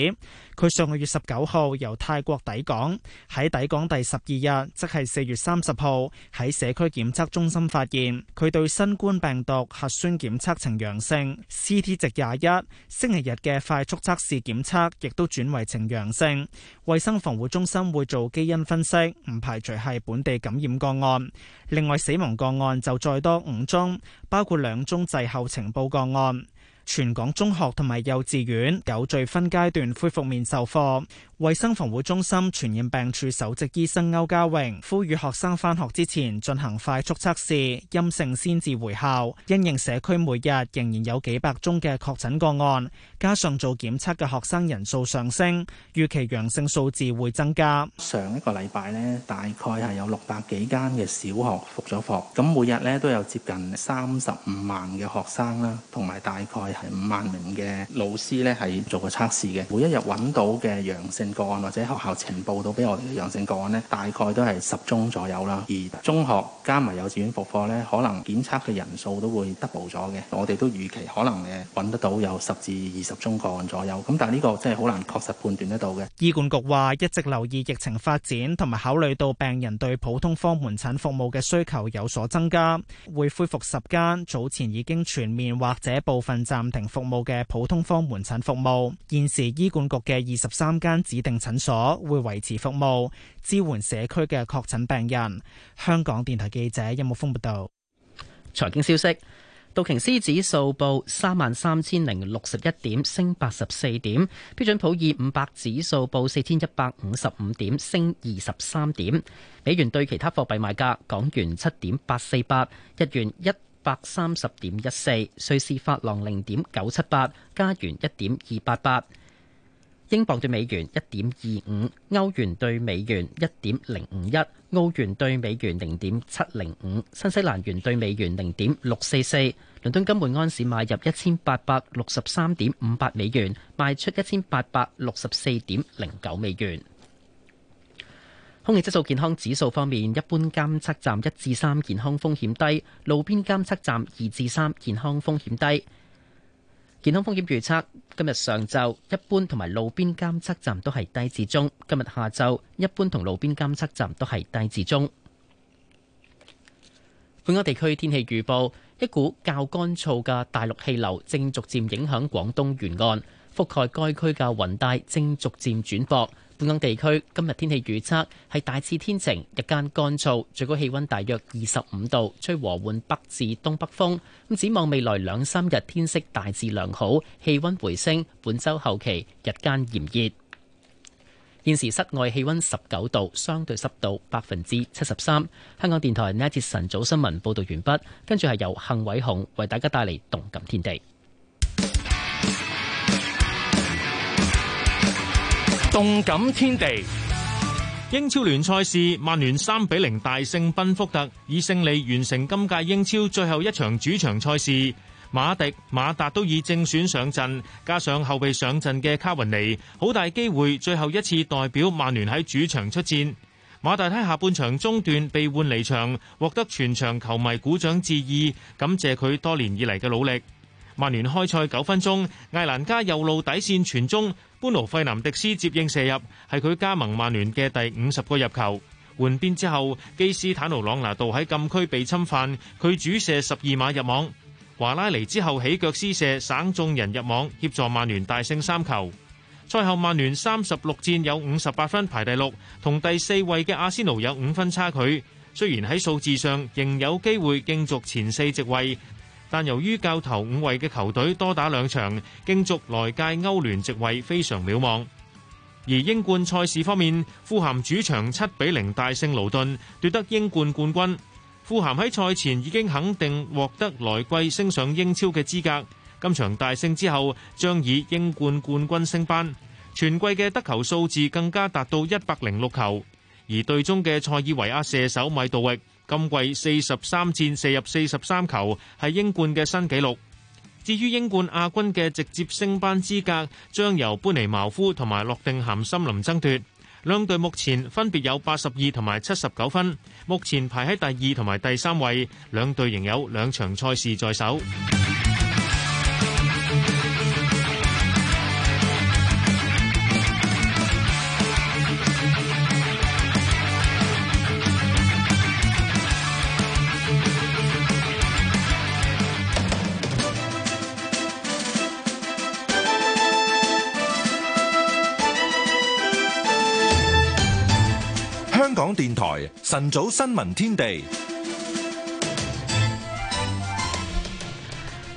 佢上個月十九號由泰國抵港，喺抵港第十二日，即係四月三十號喺社區檢測中心發現佢對新冠病毒核酸檢測呈陽性，CT 值廿一，星期日嘅快速測試檢測亦都轉為呈陽性。衛生防護中心會做基因分析，唔排除。係本地感染個案，另外死亡個案就再多五宗，包括兩宗滯後呈報個案。全港中學同埋幼稚園有序分階段恢復面授課。衛生防護中心傳染病處首席醫生歐家榮呼籲學生返學之前進行快速測試，陰性先至回校。因應社區每日仍然有幾百宗嘅確診個案，加上做檢測嘅學生人數上升，預期陽性數字會增加。上一個禮拜呢，大概係有六百幾間嘅小學復咗課，咁每日呢，都有接近三十五萬嘅學生啦，同埋大概係五萬名嘅老師呢，係做過測試嘅，每一日搵到嘅陽性。個案或者學校呈報到俾我哋陽性個案呢，大概都係十宗左右啦。而中學加埋幼稚園復課呢，可能檢測嘅人數都會 double 咗嘅。我哋都預期可能誒揾得到有十至二十宗個案左右。咁但係呢個真係好難確實判斷得到嘅。醫管局話一直留意疫情發展，同埋考慮到病人對普通科門診服務嘅需求有所增加，會恢復十間早前已經全面或者部分暫停服務嘅普通科門診服，服，服，服務，現時醫管局嘅二十三間。指定診所會維持服務，支援社區嘅確診病人。香港電台記者任木峰報道。財經消息：道瓊斯指數報三萬三千零六十一點，升八十四點；標準普爾五百指數報四千一百五十五點，升二十三點。美元對其他貨幣賣價：港元七點八四八，日元一百三十點一四，瑞士法郎零點九七八，加元一點二八八。英鎊兌美元一點二五，歐元兌美元一點零五一，澳元兌美元零點七零五，新西蘭元兌美元零點六四四。倫敦金每安士買入一千八百六十三點五八美元，賣出一千八百六十四點零九美元。空氣質素健康指數方面，一般監測站一至三健康風險低，路邊監測站二至三健康風險低。健康風險預測：今日上晝一般同埋路邊監測站都係低至中。今日下晝一般同路邊監測站都係低至中。本港地區天氣預報：一股較乾燥嘅大陸氣流正逐漸影響廣東沿岸，覆蓋該區嘅雲帶正逐漸轉薄。本港地區今日天氣預測係大致天晴，日間乾燥，最高氣溫大約二十五度，吹和緩北至東北風。咁展望未來兩三日天色大致良好，氣溫回升。本周後期日間炎熱。現時室外氣溫十九度，相對濕度百分之七十三。香港電台呢一節晨早新聞報道完畢，跟住係由幸偉雄為大家帶嚟動感天地。動感天地，英超聯賽事，曼聯三比零大勝賓福特，以勝利完成今屆英超最後一場主場賽事。馬迪、馬達都以正選上陣，加上後備上陣嘅卡雲尼，好大機會最後一次代表曼聯喺主場出戰。馬達喺下半場中段被換離場，獲得全場球迷鼓掌致意，感謝佢多年以嚟嘅努力。曼聯開賽九分鐘，艾蘭加右路底線傳中，般奴費南迪斯接應射入，係佢加盟曼聯嘅第五十個入球。換邊之後，基斯坦奴朗拿度喺禁區被侵犯，佢主射十二碼入網。華拉尼之後起腳施射，省眾人入網，協助曼聯大勝三球。賽後，曼聯三十六戰有五十八分排第六，同第四位嘅阿仙奴有五分差距。雖然喺數字上仍有機會競逐前四席位。但由於較頭五位嘅球隊多打兩場，競逐來屆歐聯席位非常渺茫。而英冠賽事方面，富咸主場七比零大勝勞頓，奪得英冠冠軍。富咸喺賽前已經肯定獲得來季升上英超嘅資格，今場大勝之後，將以英冠冠軍升班。全季嘅得球數字更加達到一百零六球，而隊中嘅塞爾維亞射手米杜域，今季四十三戰射入四十三球，係英冠嘅新紀錄。至於英冠亞軍嘅直接升班資格，將由般尼茅夫同埋諾定咸森林爭奪。兩隊目前分別有八十二同埋七十九分，目前排喺第二同埋第三位。兩隊仍有兩場賽事在手。電台晨早新聞天地，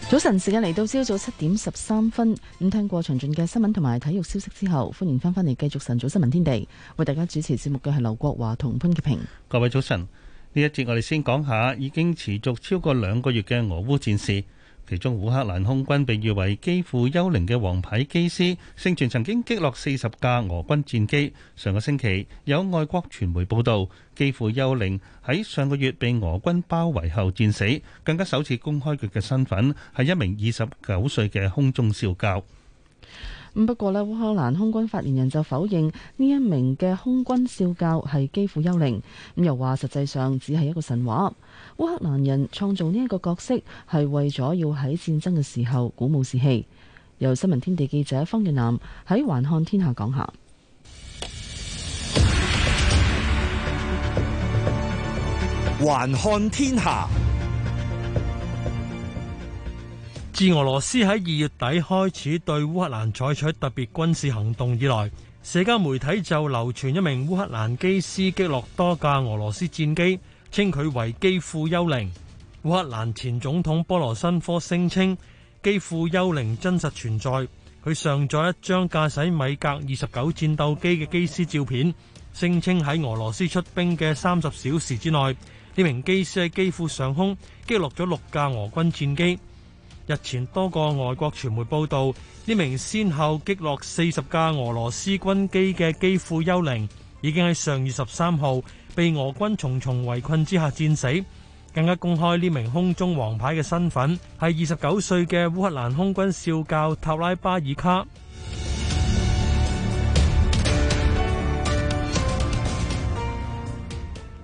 早晨時間嚟到朝早七點十三分。咁聽過詳盡嘅新聞同埋體育消息之後，歡迎翻翻嚟繼續晨早新聞天地。為大家主持節目嘅係劉國華同潘潔平。各位早晨，呢一節我哋先講下已經持續超過兩個月嘅俄烏戰事。其中烏克蘭空軍被譽為基輔幽靈嘅王牌機師，盛傳曾經擊落四十架俄軍戰機。上個星期有外國傳媒報道，基輔幽靈喺上個月被俄軍包圍後戰死，更加首次公開佢嘅身份係一名二十九歲嘅空中少校。咁不過呢烏克蘭空軍發言人就否認呢一名嘅空軍少校係基輔幽靈，咁又話實際上只係一個神話。烏克蘭人創造呢一個角色係為咗要喺戰爭嘅時候鼓舞士氣。由新聞天地記者方月南喺《環看天下》講下，《環看天下》。自俄羅斯喺二月底開始對烏克蘭採取特別軍事行動以來，社交媒體就流傳一名烏克蘭機師擊落多架俄羅斯戰機，稱佢為基輔幽靈。烏克蘭前總統波羅申科聲稱基輔幽靈真實存在。佢上載一張駕駛米格二十九戰鬥機嘅機師照片，聲稱喺俄羅斯出兵嘅三十小時之內，呢名機師喺基輔上空擊落咗六架俄軍戰機。日前，多個外國傳媒報道，呢名先後擊落四十架俄羅斯軍機嘅基輔幽靈，已經喺上月十三號被俄軍重重圍困之下戰死。更加公開，呢名空中王牌嘅身份係二十九歲嘅烏克蘭空軍少校塔拉巴爾卡。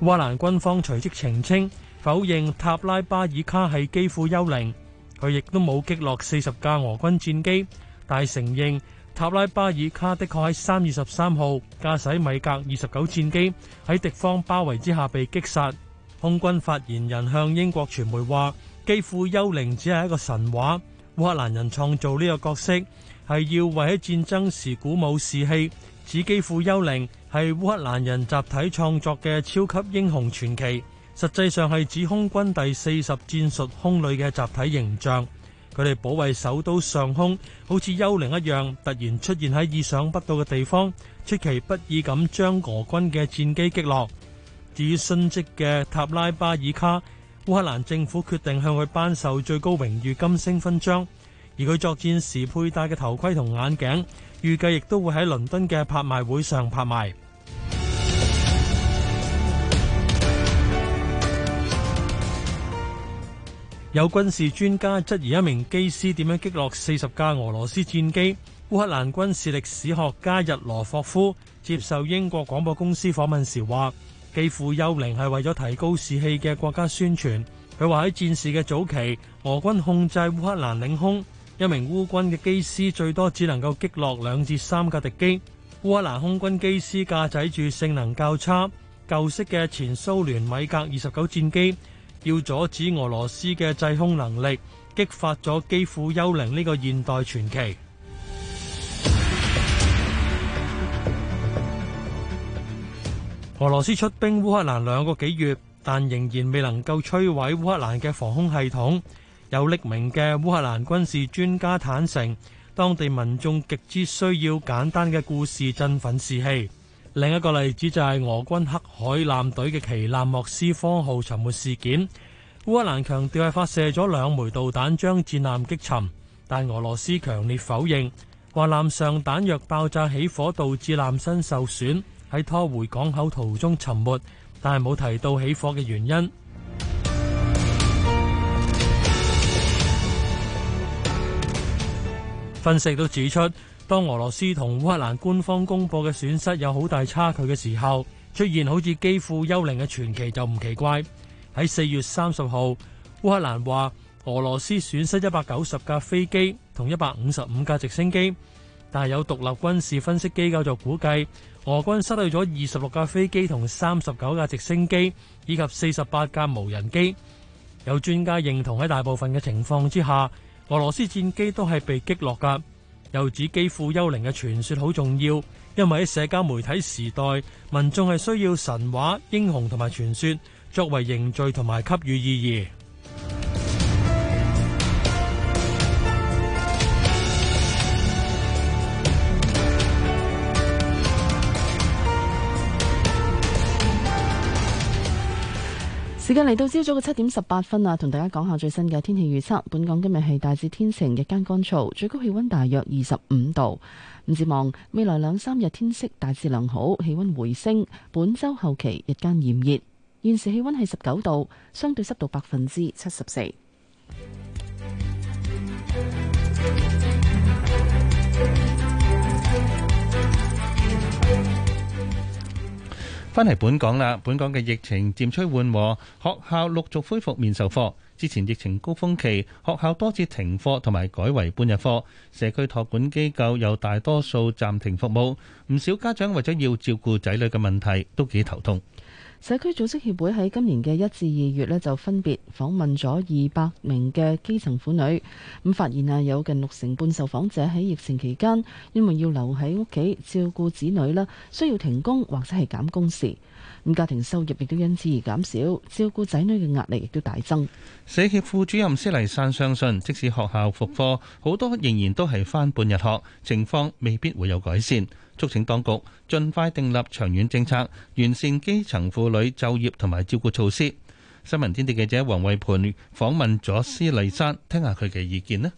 烏克 蘭軍方隨即澄清，否認塔拉巴爾卡係基輔幽靈。佢亦都冇擊落四十架俄軍戰機，但係承認塔拉巴爾卡的確喺三月十三號駕駛米格二十九戰機，喺敵方包圍之下被擊殺。空軍發言人向英國傳媒話：基輔幽靈只係一個神話，烏克蘭人創造呢個角色係要為喺戰爭時鼓舞士氣。此基輔幽靈係烏克蘭人集體創作嘅超級英雄傳奇。實際上係指空軍第四十戰術空旅嘅集體形象，佢哋保衞首都上空，好似幽靈一樣，突然出現喺意想不到嘅地方，出其不意咁將俄軍嘅戰機擊落。至於殉職嘅塔拉巴爾卡，烏克蘭政府決定向佢頒授最高榮譽金星勳章，而佢作戰時佩戴嘅頭盔同眼鏡，預計亦都會喺倫敦嘅拍賣會上拍賣。有軍事專家質疑一名機師點樣擊落四十架俄羅斯戰機。烏克蘭軍事歷史學家日羅霍夫接受英國廣播公司訪問時話，基輔幽靈係為咗提高士氣嘅國家宣傳。佢話喺戰事嘅早期，俄軍控制烏克蘭領空，一名烏軍嘅機師最多只能夠擊落兩至三架敵機。烏克蘭空軍機師駕駛住性能較差、舊式嘅前蘇聯米格二十九戰機。要阻止俄羅斯嘅制空能力，激發咗基輔幽靈呢個現代傳奇。 俄羅斯出兵烏克蘭兩個幾月，但仍然未能夠摧毀烏克蘭嘅防空系統。有匿名嘅烏克蘭軍事專家坦承，當地民眾極之需要簡單嘅故事振奮士氣。另一個例子就係俄軍黑海艦隊嘅旗艦莫斯科號沉沒事件，烏克蘭強調係發射咗兩枚導彈將戰艦擊沉，但俄羅斯強烈否認，話艦上彈藥爆炸起火導致艦身受損，喺拖回港口途中沉沒，但係冇提到起火嘅原因。分析都指出。當俄羅斯同烏克蘭官方公布嘅損失有好大差距嘅時候，出現好似基輔幽靈嘅傳奇就唔奇怪。喺四月三十號，烏克蘭話俄羅斯損失一百九十架飛機同一百五十五架直升機，但係有獨立軍事分析機構就估計俄軍失去咗二十六架飛機同三十九架直升機以及四十八架無人機。有專家認同喺大部分嘅情況之下，俄羅斯戰機都係被擊落㗎。又指基輔幽靈嘅傳說好重要，因為喺社交媒體時代，民眾係需要神話、英雄同埋傳說作為凝聚同埋給予意義。時間嚟到朝早嘅七點十八分啦，同大家講下最新嘅天氣預測。本港今日係大致天晴，日間乾燥，最高氣溫大約二十五度。唔指望未來兩三日天色大致良好，氣溫回升。本周後期日間炎熱。現時氣溫係十九度，相對濕度百分之七十四。翻嚟本港啦，本港嘅疫情漸趨緩和，學校陸續恢復面授課。之前疫情高峰期，學校多次停課同埋改為半日課，社區托管機構有大多數暫停服務，唔少家長為咗要照顧仔女嘅問題都幾頭痛。社區組織協會喺今年嘅一至二月呢，就分別訪問咗二百名嘅基層婦女，咁發現啊，有近六成半受訪者喺疫情期間，因為要留喺屋企照顧子女啦，需要停工或者係減工時，咁家庭收入亦都因此而減少，照顧仔女嘅壓力亦都大增。社協副主任施麗珊相信，即使學校復課，好多仍然都係返半日學，情況未必會有改善。促請當局盡快訂立長遠政策，完善基層婦女就業同埋照顧措施。新聞天地記者黃慧盤訪問咗施麗珊，聽下佢嘅意見咧。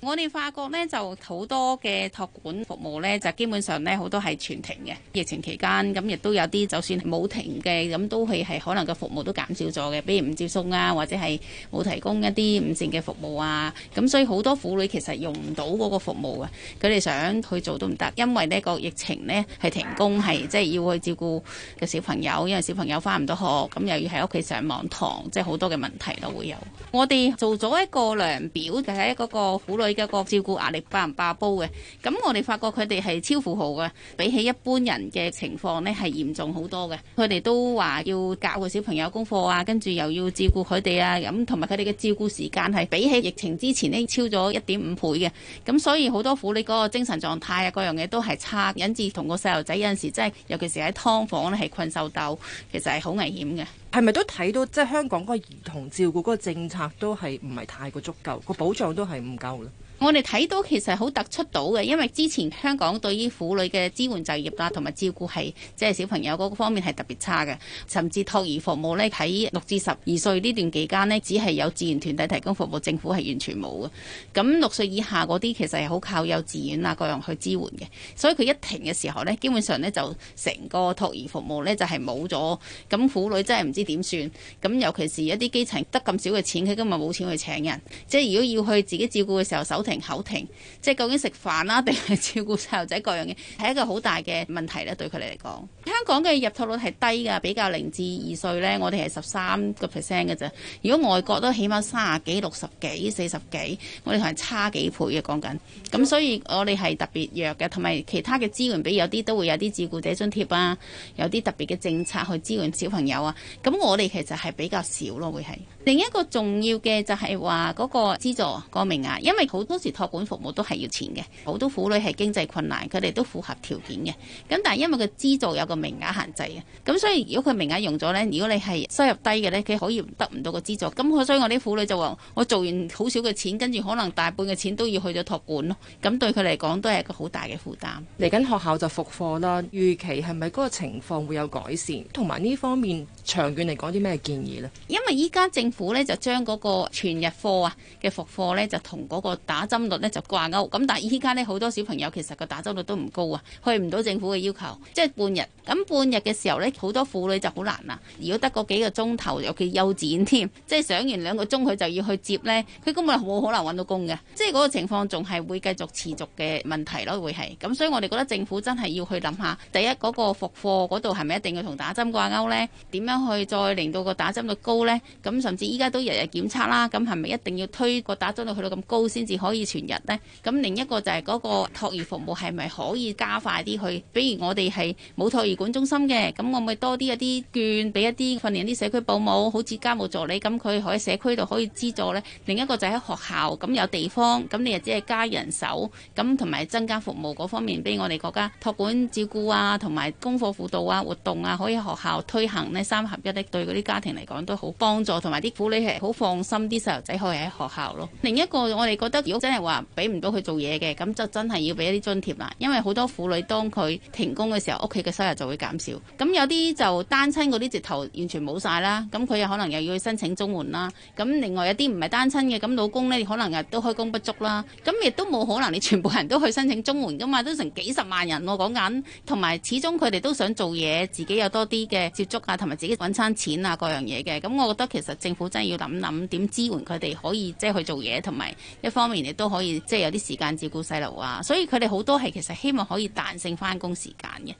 我哋發覺呢就好多嘅託管服務呢，就基本上呢好多係全停嘅。疫情期間，咁亦都有啲就算冇停嘅，咁都係係可能個服務都減少咗嘅。比如唔接送啊，或者係冇提供一啲五線嘅服務啊。咁所以好多婦女其實用唔到嗰個服務啊。佢哋想去做都唔得，因為呢個疫情呢係停工，係即係要去照顧嘅小朋友，因為小朋友翻唔到學，咁又要喺屋企上網堂，即係好多嘅問題都會有。我哋做咗一個量表，就係嗰個婦女。佢個照顧壓力爆唔爆煲嘅？咁我哋發覺佢哋係超負荷嘅，比起一般人嘅情況呢係嚴重好多嘅。佢哋都話要教個小朋友功課啊，跟住又要照顧佢哋啊，咁同埋佢哋嘅照顧時間係比起疫情之前呢，超咗一點五倍嘅。咁所以好多婦女嗰個精神狀態啊，各樣嘢都係差，引致同個細路仔有陣時真係，尤其是喺劏房呢，係困獸鬥，其實係好危險嘅。係咪都睇到即係香港嗰個兒童照顧嗰個政策都係唔係太過足夠，個保障都係唔夠啦？我哋睇到其實好突出到嘅，因為之前香港對於婦女嘅支援就業啦、啊，同埋照顧係即係小朋友嗰方面係特別差嘅。甚至托兒服務呢，喺六至十二歲呢段期間呢，只係有志願團體提供服務，政府係完全冇嘅。咁六歲以下嗰啲其實係好靠幼稚園啊各樣去支援嘅。所以佢一停嘅時候呢，基本上呢就成個托兒服務呢就係冇咗。咁婦女真係唔知點算。咁尤其是一啲基層得咁少嘅錢，佢今日冇錢去請人，即係如果要去自己照顧嘅時候手。停口停，即係究竟食飯啦，定係照顧細路仔各樣嘢，係一個好大嘅問題咧。對佢哋嚟講，香港嘅入托率係低噶，比較零至二歲咧，我哋係十三個 percent 嘅啫。如果外國都起碼卅幾、六十幾、四十幾，我哋係差幾倍嘅。講緊咁，所以我哋係特別弱嘅，同埋其他嘅資源比，比有啲都會有啲照顧者津貼啊，有啲特別嘅政策去支援小朋友啊。咁我哋其實係比較少咯，會係另一個重要嘅就係話嗰個資助、嗰個名額，因為好多。當時託管服務都係要錢嘅，好多婦女係經濟困難，佢哋都符合條件嘅。咁但係因為佢資助有個名額限制啊，咁所以如果佢名額用咗呢，如果你係收入低嘅呢，佢可以得唔到個資助。咁所以我啲婦女就話：我做完好少嘅錢，跟住可能大半嘅錢都要去咗託管咯。咁對佢嚟講都係一個好大嘅負擔。嚟緊學校就復課啦，預期係咪嗰個情況會有改善？同埋呢方面長遠嚟講啲咩建議呢？因為依家政府呢，就將嗰個全日課啊嘅復課呢，就同嗰個打打針率呢就掛鈎，咁但係依家呢，好多小朋友其實個打針率都唔高啊，去唔到政府嘅要求，即係半日，咁半日嘅時候呢，好多婦女就好難啊。如果得個幾個鐘頭，尤其幼稚園添，即係上完兩個鐘佢就要去接呢，佢根本係冇可能搵到工嘅。即係嗰個情況仲係會繼續持續嘅問題咯，會係。咁所以我哋覺得政府真係要去諗下，第一，嗰個復課嗰度係咪一定要同打針掛鈎呢？點樣去再令到個打針率高呢？咁甚至依家都日日檢測啦，咁係咪一定要推個打針率去到咁高先至可以？可以全日呢。咁另一個就係嗰個託兒服務係咪可以加快啲去？比如我哋係冇托兒管中心嘅，咁我咪多啲一啲券俾一啲訓練啲社區保姆，好似家務助理，咁佢喺社區度可以資助呢。另一個就喺學校咁有地方，咁你又只係加人手，咁同埋增加服務嗰方面，俾我哋國家托管照顧啊，同埋功課輔導啊、活動啊，可以學校推行呢三合一咧，對嗰啲家庭嚟講都好幫助，同埋啲婦女係好放心啲細路仔可以喺學校咯。另一個我哋覺得真係話俾唔到佢做嘢嘅，咁就真係要俾一啲津貼啦。因為好多婦女當佢停工嘅時候，屋企嘅收入就會減少。咁有啲就單親嗰啲直頭完全冇晒啦。咁佢又可能又要去申請綜援啦。咁另外有啲唔係單親嘅，咁老公呢，可能又都開工不足啦。咁亦都冇可能你全部人都去申請綜援噶嘛，都成幾十萬人我講緊。同埋始終佢哋都想做嘢，自己有多啲嘅接觸啊，同埋自己揾餐錢啊各樣嘢嘅。咁我覺得其實政府真係要諗諗點支援佢哋可以即係、就是、去做嘢，同埋一方面都可以，即係有啲時間照顧細路啊，所以佢哋好多係其實希望可以彈性翻工時間嘅。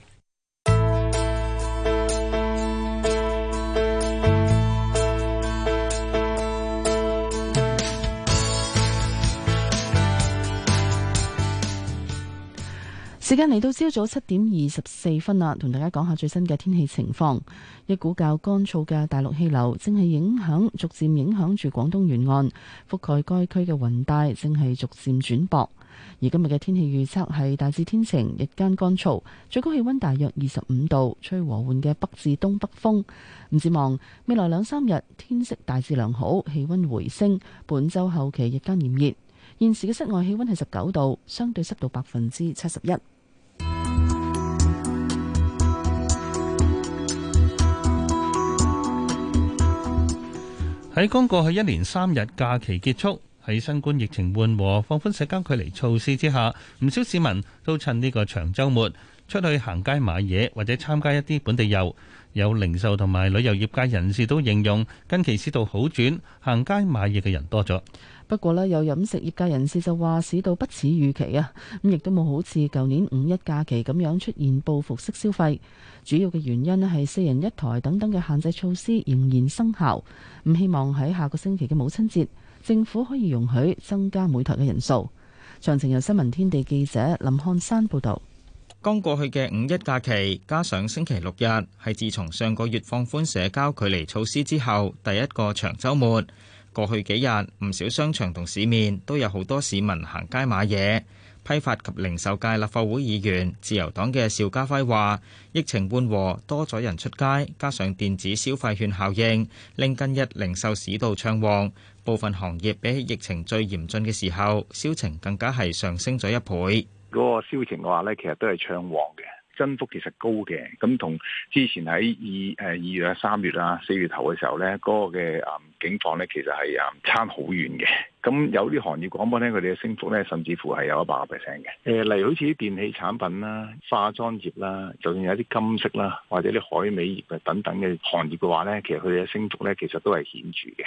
時間嚟到朝早七點二十四分啦，同大家講下最新嘅天氣情況。一股較乾燥嘅大陸氣流正係影響，逐漸影響住廣東沿岸，覆蓋該區嘅雲帶正係逐漸轉薄。而今日嘅天氣預測係大致天晴，日間乾燥，最高氣温大約二十五度，吹和緩嘅北至東北風。唔指望未來兩三日天色大致良好，氣温回升。本週後期日間炎熱。現時嘅室外氣温係十九度，相對濕度百分之七十一。喺剛過去一連三日假期結束，喺新冠疫情緩和、放寬社交距離措施之下，唔少市民都趁呢個長周末出去行街買嘢或者參加一啲本地遊。有零售同埋旅遊業界人士都形容近期市道好轉，行街買嘢嘅人多咗。不過咧，有飲食業界人士就話市道不似預期啊，咁亦都冇好似舊年五一假期咁樣出現報復式消費。主要嘅原因咧係四人一台等等嘅限制措施仍然生效。唔希望喺下個星期嘅母親節，政府可以容許增加每台嘅人數。詳情由新聞天地記者林漢山報道。剛過去嘅五一假期加上星期六日，係自從上個月放寬社交距離措施之後第一個長周末。過去幾日唔少商場同市面都有好多市民行街買嘢，批發及零售界立法會議員自由黨嘅邵家輝話：疫情緩和多咗人出街，加上電子消費券效應，令近日零售市道暢旺。部分行業比起疫情最嚴峻嘅時候，銷情更加係上升咗一倍。嗰個銷情嘅話呢，其實都係暢旺嘅。增幅其實高嘅，咁同之前喺二誒二月啊、三月啦，四月頭嘅時候咧，嗰個嘅誒景況咧，其實係誒、呃、差好遠嘅。咁有啲行業講俾你聽，佢哋嘅升幅咧，甚至乎係有一百 percent 嘅。誒、呃，例如好似啲電器產品啦、化妝業啦，就算有啲金飾啦，或者啲海味業等等嘅行業嘅話咧，其實佢哋嘅升幅咧，其實都係顯著嘅。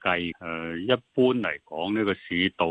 計誒，一般嚟講呢個市道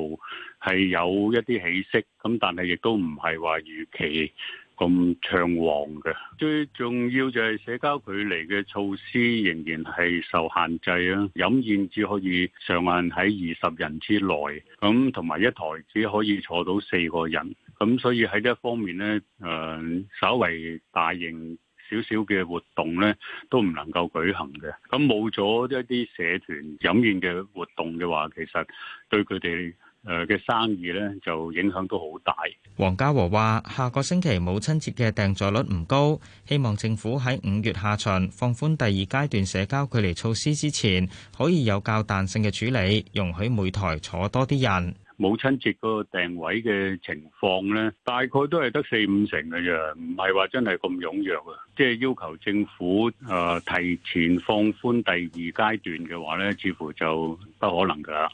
係有一啲起色，咁但係亦都唔係話預期咁暢旺嘅。最重要就係社交距離嘅措施仍然係受限制啊，飲宴只可以上限喺二十人之內，咁同埋一台只可以坐到四個人，咁所以喺呢一方面呢，誒稍為大型。少少嘅活動呢都唔能夠舉行嘅。咁冇咗一啲社團飲宴嘅活動嘅話，其實對佢哋誒嘅生意呢就影響都好大。黃家和話：下個星期母親節嘅訂座率唔高，希望政府喺五月下旬放寬第二階段社交距離措施之前，可以有較彈性嘅處理，容許每枱坐多啲人。母親節個定位嘅情況呢，大概都係得四五成嘅啫，唔係話真係咁踴躍啊！即係要求政府誒、呃、提前放寬第二階段嘅話呢，似乎就不可能噶啦。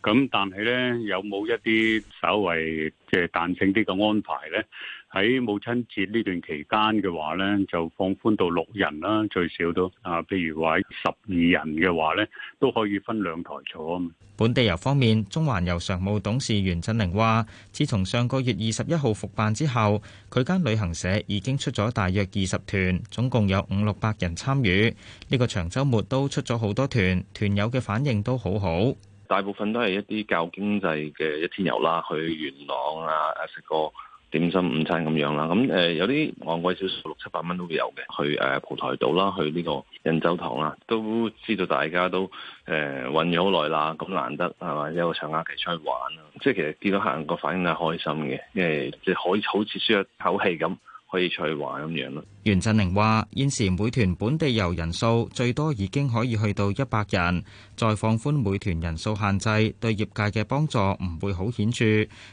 咁但係呢，有冇一啲稍微即係彈性啲嘅安排呢？喺母親節呢段期間嘅話呢就放寬到六人啦，最少都啊。譬如話十二人嘅話呢都可以分兩台坐啊。本地遊方面，中環遊常務董事袁振寧話，自從上個月二十一號復辦之後，佢間旅行社已經出咗大約二十團，總共有五六百人參與。呢個長週末都出咗好多團，團友嘅反應都好好。大部分都係一啲較經濟嘅一天遊啦，去元朗啊啊食個點心、午餐咁樣啦，咁誒、呃、有啲昂貴少少，六七百蚊都會有嘅，去誒蒲台島啦，去呢個仁洲堂啦，都知道大家都誒韞咗好耐啦，咁、呃、難得係嘛有個長假期出去玩啊，即係其實見到客人個反應係開心嘅，因為即係可以好似舒一口氣咁。可以趣玩咁樣咯。袁振寧話現時每團本地遊人數最多已經可以去到一百人，再放寬每團人數限制，對業界嘅幫助唔會好顯著，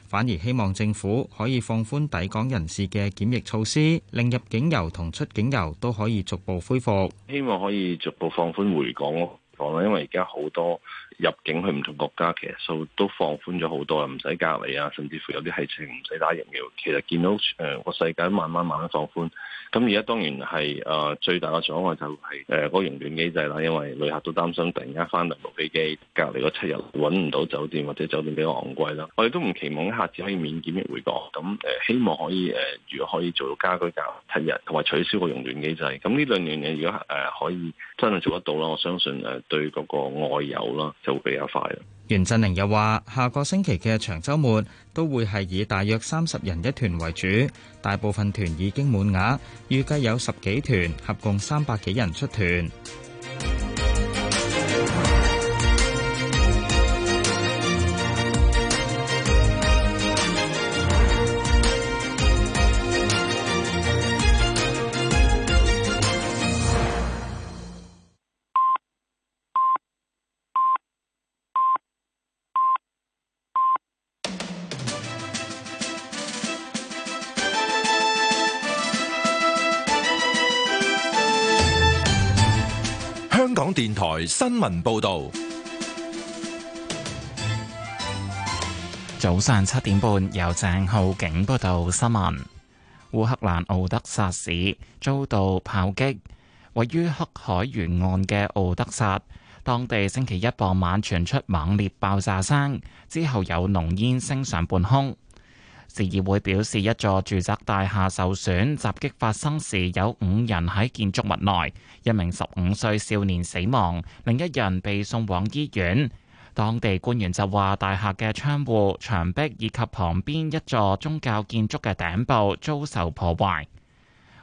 反而希望政府可以放寬抵港人士嘅檢疫措施，令入境遊同出境遊都可以逐步恢復，希望可以逐步放寬回港咯，因為而家好多。入境去唔同國家，其實數都放寬咗好多，唔使隔離啊，甚至乎有啲係情唔使打疫苗。其實見到誒個世界慢慢慢慢放寬，咁而家當然係誒、呃、最大嘅障礙就係誒嗰熔斷機制啦，因為旅客都擔心突然間翻嚟部飛機隔離嗰七日揾唔到酒店或者酒店比較昂貴啦。我哋都唔期望一下子可以免檢疫回港，咁誒、呃、希望可以誒、呃，如果可以做到家居隔離七日同埋取消個熔斷機制，咁呢兩樣嘢如果誒、呃、可以真係做得到啦，我相信誒對嗰個外遊啦。就比較快。袁振寧又話：下個星期嘅長週末都會係以大約三十人一團為主，大部分團已經滿額，預計有十幾團，合共三百幾人出團。新聞報道，早上七點半由鄭浩景報道新聞。烏克蘭敖德薩市遭到炮擊，位於黑海沿岸嘅敖德薩，當地星期一傍晚傳出猛烈爆炸聲，之後有濃煙升上半空。市議會表示，一座住宅大廈受損。襲擊發生時，有五人喺建築物內，一名十五歲少年死亡，另一人被送往醫院。當地官員就話，大廈嘅窗戶、牆壁以及旁邊一座宗教建築嘅頂部遭受破壞。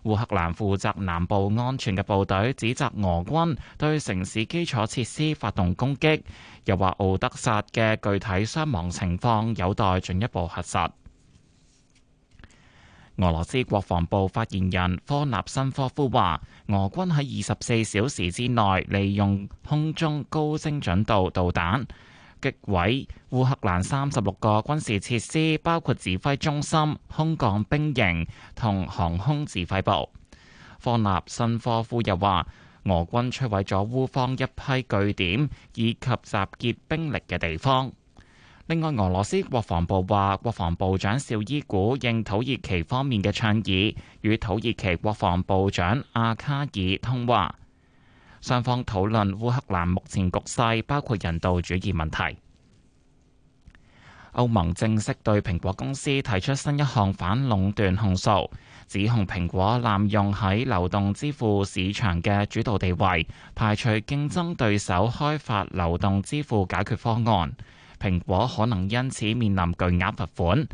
烏克蘭負責南部安全嘅部隊指責俄軍對城市基礎設施發動攻擊，又話奧德薩嘅具體傷亡情況有待進一步核實。俄羅斯國防部發言人科納申科夫話，俄軍喺二十四小時之內利用空中高精準度導，導彈擊毀烏克蘭三十六個軍事設施，包括指揮中心、空降兵營同航空指揮部。科納申科夫又話，俄軍摧毀咗烏方一批據點以及集結兵力嘅地方。另外，俄羅斯國防部話，國防部長邵伊古應土耳其方面嘅倡議，與土耳其國防部長阿卡爾通話，雙方討論烏克蘭目前局勢，包括人道主義問題。歐盟正式對蘋果公司提出新一項反壟斷控訴，指控蘋果濫用喺流動支付市場嘅主導地位，排除競爭對手開發流動支付解決方案。蘋果可能因此面臨巨額罰款。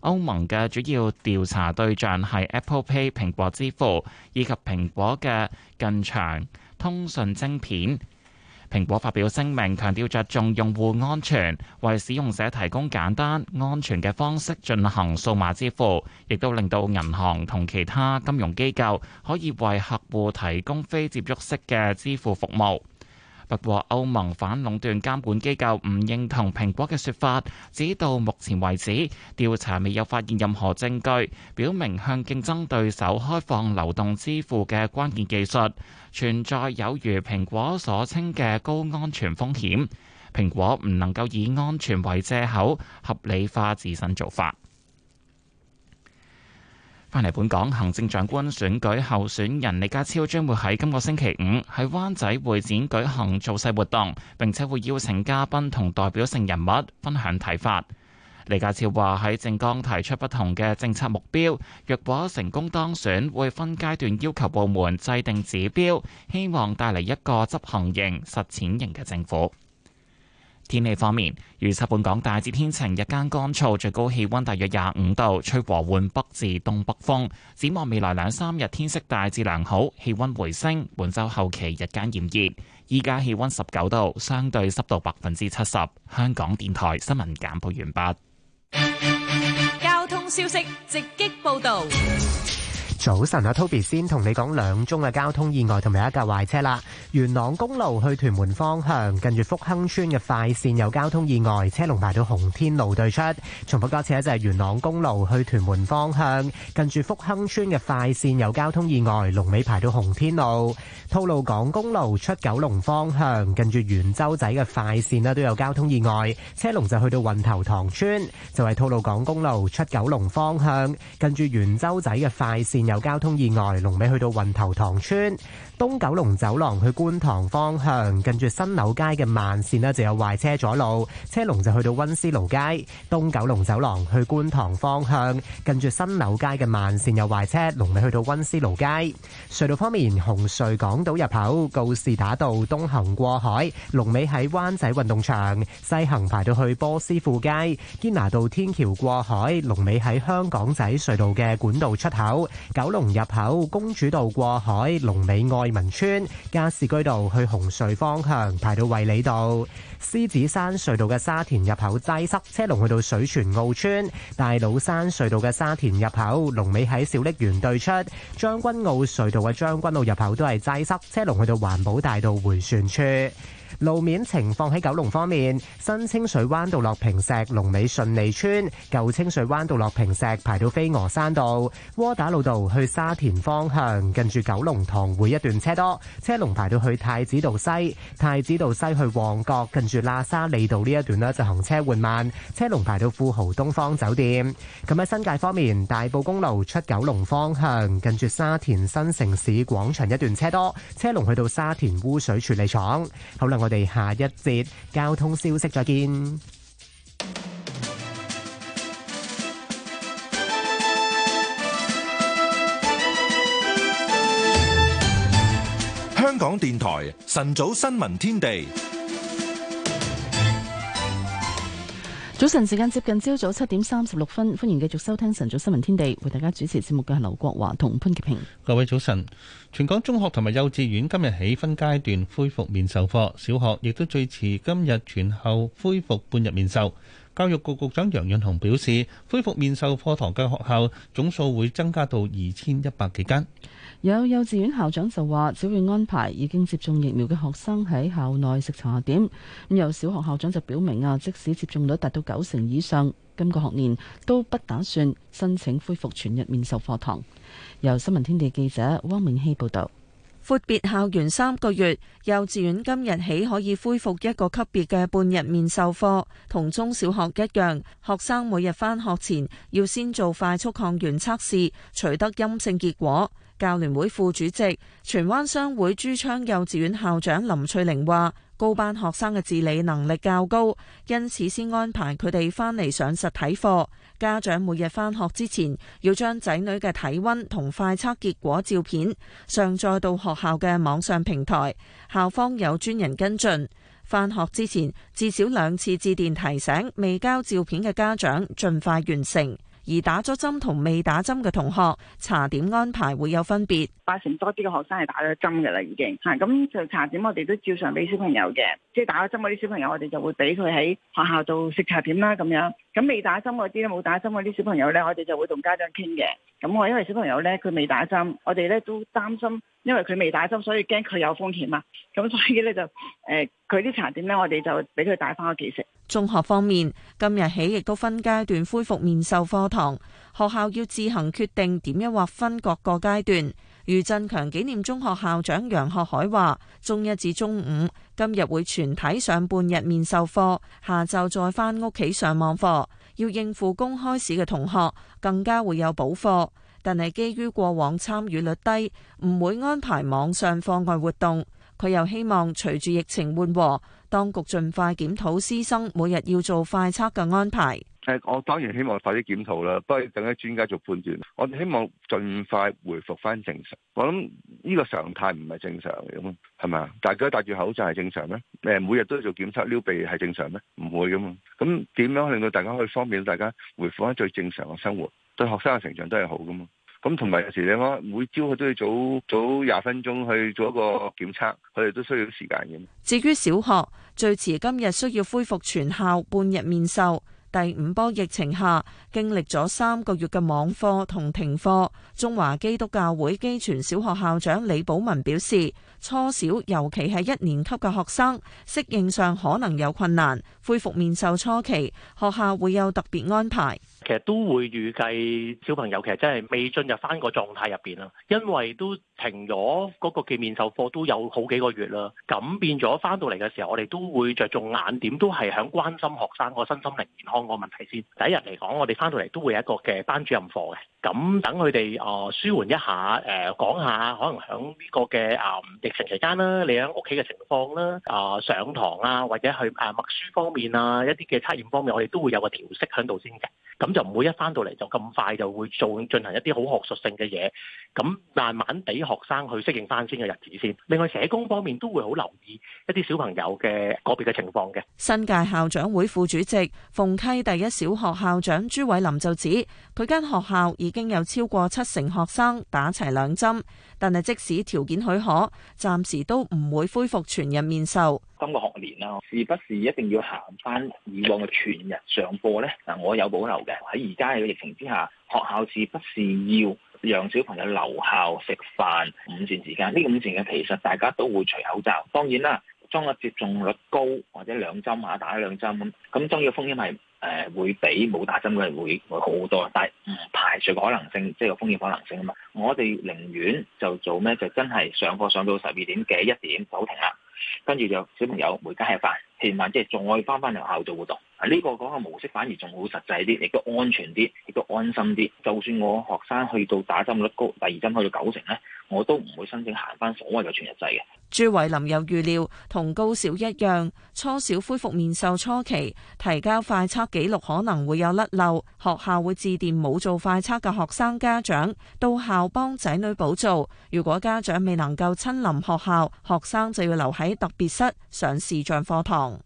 歐盟嘅主要調查對象係 Apple Pay 蘋果支付，以及蘋果嘅近場通訊晶片。蘋果發表聲明，強調着重用戶安全，為使用者提供簡單安全嘅方式進行數碼支付，亦都令到銀行同其他金融機構可以為客戶提供非接觸式嘅支付服務。不過歐盟反壟斷監管機構唔認同蘋果嘅說法，指到目前為止調查未有發現任何證據表明向競爭對手開放流動支付嘅關鍵技術存在有如蘋果所稱嘅高安全風險，蘋果唔能夠以安全為借口合理化自身做法。翻嚟本港，行政長官選舉候選人李家超將會喺今個星期五喺灣仔會展舉行造勢活動，並且會邀請嘉賓同代表性人物分享睇法。李家超話喺政綱提出不同嘅政策目標，若果成功當選，會分階段要求部門制定指標，希望帶嚟一個執行型、實踐型嘅政府。天氣方面，預測本港大致天晴，日間乾燥，最高氣温大約廿五度，吹和緩北至東北風。展望未來兩三日，天色大致良好，氣温回升，本周後期日間炎熱。依家氣温十九度，相對濕度百分之七十。香港電台新聞簡報完畢。交通消息直擊報道。早晨啊，Toby 先同你講兩宗嘅交通意外，同埋有一架壞車啦。元朗公路去屯門方向，近住福亨村嘅快綫有交通意外，車龍排到洪天路對出。重複多次，就係元朗公路去屯門方向，近住福亨村嘅快綫有交通意外，龍尾排到洪天路。吐露港公路出九龍方向，近住元洲仔嘅快綫咧都有交通意外，車龍就去到運頭塘村，就係吐露港公路出九龍方向，近住元洲仔嘅快綫。有交通意外，龍尾去到雲頭塘村。東九龍走廊去觀塘方向，近住新柳街嘅慢線就有壞車阻路，車龍就去到溫思勞街。東九龍走廊去觀塘方向，近住新柳街嘅慢線有壞車，龍尾去到溫思勞街。隧道方面，紅隧港島入口，告士打道東行過海，龍尾喺灣仔運動場，西行排到去波斯富街，堅拿道天橋過海，龍尾喺香港仔隧道嘅管道出口，九龍入口，公主道過海，龍尾外民村加士居道去紅隧方向排到衛理道，獅子山隧道嘅沙田入口擠塞，車龍去到水泉澳村；大老山隧道嘅沙田入口龍尾喺小瀝源對出，將軍澳隧道嘅將軍澳入口都係擠塞，車龍去到環保大道回旋處。路面情況，喺九龍方面，新清水灣道落坪石龍尾順利村，舊清水灣道落坪石排到飛鵝山道，窩打老道去沙田方向，近住九龍塘會一段車多，車龍排到去太子道西，太子道西去旺角近住喇沙利道呢一段呢，就行車緩慢，車龍排到富豪東方酒店。咁喺新界方面，大埔公路出九龍方向，近住沙田新城市廣場一段車多，車龍去到沙田污水處理廠，後輪。我哋下一節交通消息，再見。香港電台晨早新聞天地。早晨時間接近朝早七點三十六分，歡迎繼續收聽晨早新聞天地，為大家主持節目嘅係劉國華同潘潔平。各位早晨，全港中學同埋幼稚園今日起分階段恢復面授課，小學亦都最遲今日全后恢復半日面授。教育局局長楊潤雄表示，恢復面授課堂嘅學校總數會增加到二千一百幾間。有幼稚園校長就話，只會安排已經接種疫苗嘅學生喺校內食茶點。咁有小學校長就表明啊，即使接種率達到九成以上，今個學年都不打算申請恢復全日面授課堂。由新聞天地記者汪明希報道。闊別校園三個月，幼稚園今日起可以恢復一個級別嘅半日面授課，同中小學一樣，學生每日返學前要先做快速抗原測試，取得陰性結果。教聯會副主席、荃灣商會朱昌幼稚園校長林翠玲話：高班學生嘅自理能力較高，因此先安排佢哋返嚟上實體課。家長每日返學之前要將仔女嘅體溫同快測結果照片上載到學校嘅網上平台，校方有專人跟進。返學之前至少兩次致電提醒未交照片嘅家長，盡快完成。而打咗針同未打針嘅同學，茶點安排會有分別。八成多啲嘅學生係打咗針嘅啦，已經。係咁就茶點，我哋都照常俾小朋友嘅。即係打咗針嗰啲小朋友，我哋就會俾佢喺學校度食茶點啦。咁樣咁、嗯、未打針嗰啲咧，冇打針嗰啲小朋友咧，我哋就會同家長傾嘅。咁我因為小朋友咧，佢未打針，我哋咧都擔心，因為佢未打針，所以驚佢有風險啊！咁所以咧就，誒佢啲茶點咧，我哋就俾佢帶翻屋企食。中學方面，今日起亦都分階段恢復面授課堂，學校要自行決定點樣劃分各個階段。余振強紀念中學校長楊學海話，中一至中五今日會全體上半日面授課，下晝再翻屋企上網課，要應付公開試嘅同學，更加會有補課，但係基於過往參與率低，唔會安排網上課外活動。佢又希望隨住疫情緩和，當局盡快檢討師生每日要做快測嘅安排。誒，我當然希望快啲檢討啦。不過等緊專家做判斷，我希望盡快回復翻正常。我諗呢個常態唔係正常咁啊，係咪啊？大家戴住口罩係正常咩？誒，每日都做檢測、撩鼻係正常咩？唔會噶嘛。咁點樣令到大家可以方便大家回復翻最正常嘅生活，對學生嘅成長都係好噶嘛。咁同埋有時你話每朝去都要早早廿分鐘去做一個檢測，佢哋都需要時間嘅。至於小學，最遲今日需要恢復全校半日面授。第五波疫情下，經歷咗三個月嘅網課同停課，中華基督教會基傳小學校長李寶文表示，初小尤其係一年級嘅學生，適應上可能有困難。恢復面授初期，學校會有特別安排。其實都會預計小朋友其實真係未進入翻個狀態入邊啦，因為都停咗嗰個嘅面授課都有好幾個月啦。咁變咗翻到嚟嘅時候，我哋都會着重眼點，都係響關心學生個身心靈健康個問題先。第一日嚟講，我哋翻到嚟都會有一個嘅班主任課嘅。咁等佢哋啊舒緩一下，誒、呃、講下可能響呢個嘅啊疫情期間啦，你響屋企嘅情況啦，呃、上啊上堂啦，或者去誒默書方面啊一啲嘅測驗方面，我哋都會有個調息響度先嘅。咁就唔會一翻到嚟，就咁快就會做進行一啲好學術性嘅嘢，咁慢慢俾學生去適應翻先嘅日子先。另外社工方面都會好留意一啲小朋友嘅個別嘅情況嘅。新界校長會副主席鳳溪第一小學校長朱偉林就指，佢間學校已經有超過七成學生打齊兩針，但係即使條件許可，暫時都唔會恢復全日面授。今個學年啦，是不是一定要行翻以往嘅全日上課呢？嗱，我有保留嘅。喺而家嘅疫情之下，學校是不是要讓小朋友留校食飯午膳時間？呢個午膳嘅其實大家都會除口罩。當然啦，將個接種率高或者兩針啊打咗兩針咁，咁將要風險係誒、呃、會比冇打針嘅會會好好多。但係唔、嗯、排除個可能性，即係個風險可能性啊嘛。我哋寧願就做咩就真係上課上到十二點幾一點就停啦。跟住就小朋友回家食飯，起碼即係再翻返嚟學校做活動。啊，呢個講嘅模式反而仲好實際啲，亦都安全啲，亦都安心啲。就算我學生去到打針率高，第二針去到九成呢，我都唔會申請行翻所謂嘅全日制嘅。朱維林又預料同高小一樣，初小恢復面授初期，提交快測記錄可能會有甩漏，學校會致電冇做快測嘅學生家長，到校幫仔女補做。如果家長未能夠親臨學校，學生就要留喺。特別室上視像課堂。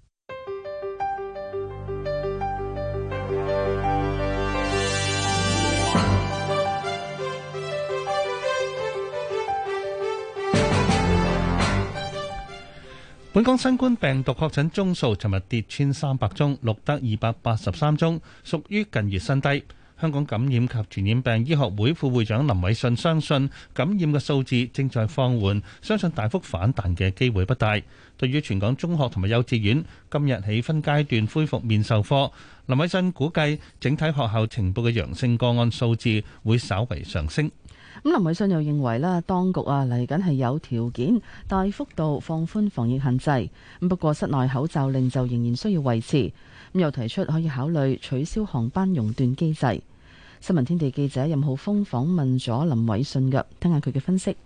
本港新冠病毒確診宗數尋日跌穿三百宗，錄得二百八十三宗，屬於近月新低。香港感染及傳染病醫學會副會長林偉信相信感染嘅數字正在放緩，相信大幅反彈嘅機會不大。對於全港中學同埋幼稚園今日起分階段恢復面授課，林偉信估計整體學校呈報嘅陽性個案數字會稍為上升。咁林偉信又認為啦，當局啊嚟緊係有條件大幅度放寬防疫限制，咁不過室內口罩令就仍然需要維持。又提出可以考慮取消航班熔斷機制。新聞天地記者任浩峰訪問咗林偉信嘅，聽下佢嘅分析。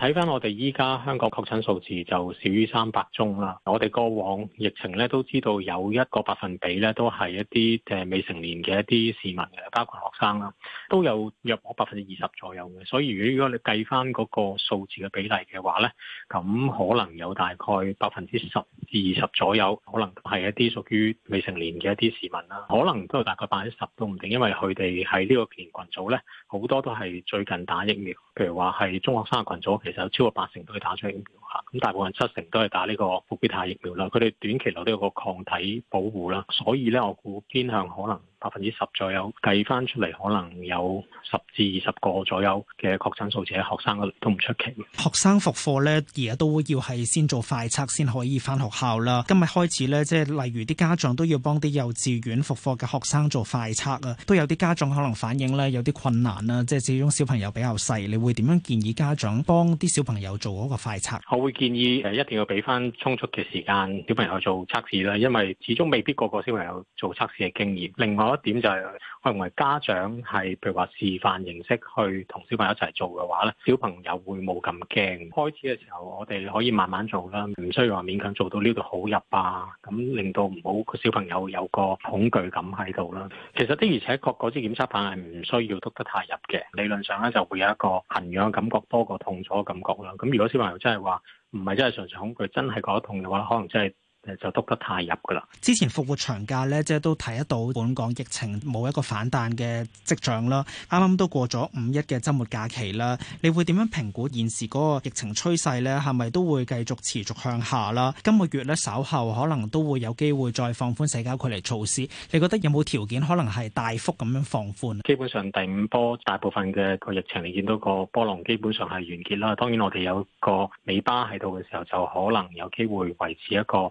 睇翻我哋依家香港確診數字就少於三百宗啦。我哋過往疫情咧都知道有一個百分比咧都係一啲誒未成年嘅一啲市民嘅，包括學生啦，都有約百分之二十左右嘅。所以如果如果你計翻嗰個數字嘅比例嘅話咧，咁可能有大概百分之十至二十左右，可能係一啲屬於未成年嘅一啲市民啦，可能都有大概百分之十都唔定，因為佢哋喺呢個群組咧好多都係最近打疫苗，譬如話係中學生群組。其實有超過八成都係打出嚟。咁大部分七成都係打呢個復必泰疫苗啦，佢哋短期內都有個抗體保護啦，所以咧我估偏向可能百分之十左右，計翻出嚟可能有十至二十個左右嘅確診數字喺學生度都唔出奇。學生復課咧而家都要係先做快測先可以翻學校啦。今日開始咧，即係例如啲家長都要幫啲幼稚園復課嘅學生做快測啊，都有啲家長可能反映咧有啲困難啦，即係始終小朋友比較細，你會點樣建議家長幫啲小朋友做嗰個快測？我會建議誒一定要俾翻充足嘅時間小朋友去做測試啦，因為始終未必個個小朋友做測試嘅經驗。另外一點就係，我認為家長係譬如話示範形式去同小朋友一齊做嘅話咧，小朋友會冇咁驚。開始嘅時候，我哋可以慢慢做啦，唔需要話勉強做到呢度好入啊，咁令到唔好個小朋友有個恐懼感喺度啦。其實的而且確，嗰支檢測棒係唔需要督得太入嘅，理論上咧就會有一個痕癢感覺多過痛楚嘅感覺啦。咁如果小朋友真係話，唔係真係純粹恐懼，真係覺得痛嘅話，或者可能真係。就篤得太入噶啦！之前復活長假咧，即係都睇得到本港疫情冇一個反彈嘅跡象啦。啱啱都過咗五一嘅周末假期啦，你會點樣評估現時嗰個疫情趨勢咧？係咪都會繼續持續向下啦？今個月咧，稍後可能都會有機會再放寬社交距離措施。你覺得有冇條件可能係大幅咁樣放寬？基本上第五波大部分嘅個疫情，你見到個波浪基本上係完結啦。當然，我哋有個尾巴喺度嘅時候，就可能有機會維持一個。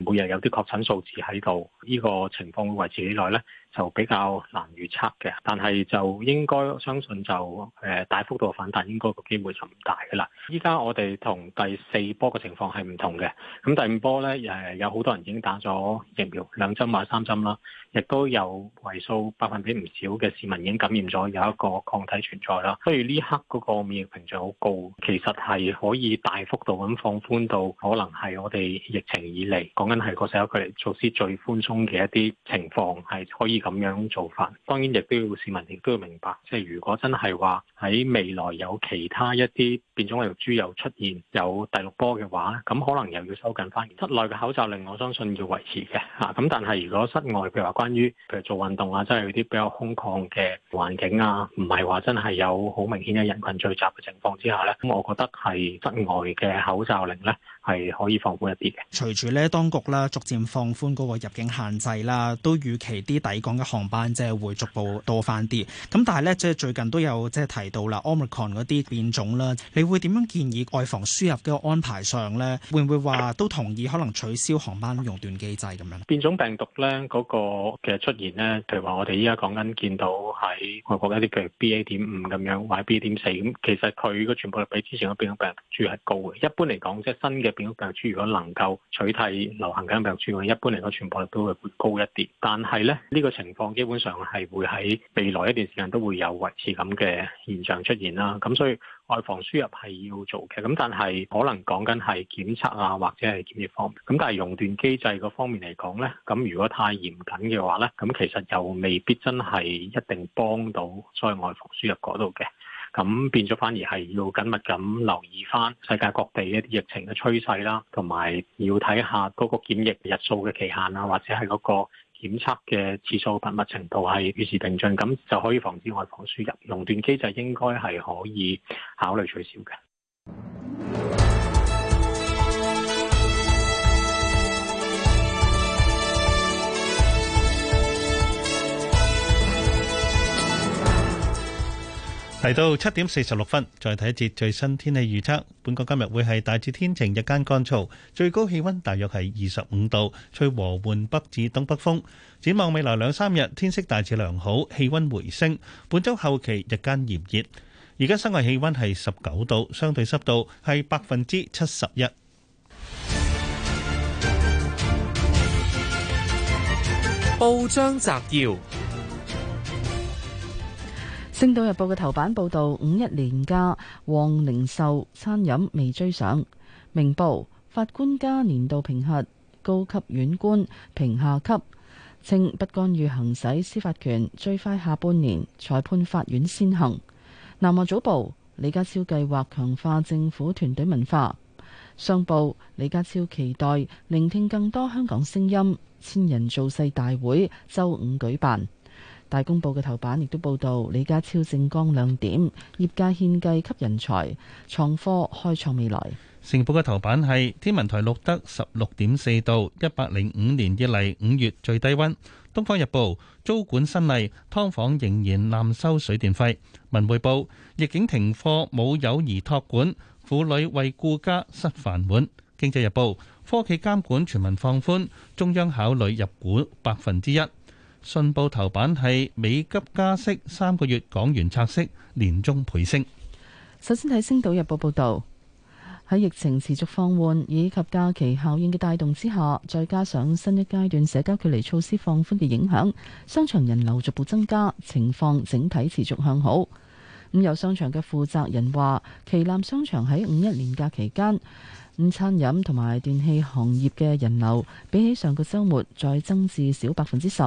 每日有啲確診數字喺度，呢個情況會維持幾耐呢？就比較難預測嘅。但係就應該相信，就誒大幅度反彈，應該個機會就唔大噶啦。依家我哋同第四波嘅情況係唔同嘅。咁第五波呢，誒有好多人已經打咗疫苗，兩針或三針啦，亦都有為數百分比唔少嘅市民已經感染咗，有一個抗體存在啦。所以呢刻嗰個免疫屏障好高，其實係可以大幅度咁放寬到，可能係我哋疫情以嚟。咁係個時候，佢哋措施最寬鬆嘅一啲情況，係可以咁樣做法。當然，亦都要市民亦都要明白，即係如果真係話喺未來有其他一啲變種病毒株又出現有第六波嘅話，咁可能又要收緊翻。室內嘅口罩令，我相信要維持嘅嚇。咁但係如果室外譬如話關於譬如做運動啊，即係有啲比較空曠嘅環境啊，唔係話真係有好明顯嘅人群聚集嘅情況之下咧，咁我覺得係室外嘅口罩令咧。係可以放寬一啲嘅，隨住咧當局啦逐漸放寬嗰個入境限制啦，都預期啲抵港嘅航班即係會逐步多返啲。咁但係咧，即係最近都有即係提到啦，Omicron 嗰啲變種啦，你會點樣建議外防輸入嘅安排上咧？會唔會話都同意可能取消航班熔斷機制咁樣？變種病毒咧嗰個其實出現咧，譬如話我哋依家講緊見到喺外國一啲譬如 BA. 點五咁樣，或者 BA. 點四咁，其實佢個傳播率比之前嗰變種病毒仲要係高嘅。一般嚟講，即係新嘅。如果能夠取替流行緊病毒株，我一般嚟講傳播率都會高一啲。但係咧，呢個情況基本上係會喺未來一段時間都會有維持咁嘅現象出現啦。咁所以外防輸入係要做嘅。咁但係可能講緊係檢測啊，或者係檢疫方面。咁但係熔斷機制個方面嚟講咧，咁如果太嚴謹嘅話咧，咁其實又未必真係一定幫到所謂外防輸入嗰度嘅。咁變咗反而係要緊密咁留意翻世界各地一啲疫情嘅趨勢啦，同埋要睇下嗰個檢疫日數嘅期限啊，或者係嗰個檢測嘅次數頻密程度係與時並進，咁就可以防止外防輸入，熔斷機制應該係可以考慮取消嘅。嚟到七點四十六分，再睇一節最新天氣預測。本港今日會係大致天晴，日間乾燥，最高氣溫大約係二十五度，吹和緩北至東北風。展望未來兩三日，天色大致良好，氣溫回升。本周後期日間炎熱。而家室外氣溫係十九度，相對濕度係百分之七十一。報章摘要。《星島日報》嘅頭版報道：五一年假旺零售餐飲未追上。《明報》法官加年度評核，高級院官評下級，稱不干預行使司法權，最快下半年裁判法院先行。《南華早報》李家超計劃強化政府團隊文化。《商報》李家超期待聆聽更多香港聲音，千人造勢大會周五舉辦。大公報嘅頭版亦都報道李家超政綱亮點，業界獻計吸人才，創科開創未來。《成報》嘅頭版係天文台錄得十六點四度，一百零五年以嚟五月最低溫。《東方日報》租管新例，劏房仍然濫收水電費。《文匯報》逆境停課，冇幼兒托管，婦女為顧家失飯碗。《經濟日報》科技監管全民放寬，中央考慮入股百分之一。信報頭版係美急加息，三個月港元拆息，年中倍升。首先睇《星島日報》報道，喺疫情持續放緩以及假期效應嘅帶動之下，再加上新一階段社交距離措施放寬嘅影響，商場人流逐步增加，情況整體持續向好。咁有商場嘅負責人話，旗艦商場喺五一連假期間，午餐飲同埋電器行業嘅人流比起上個週末再增至少百分之十。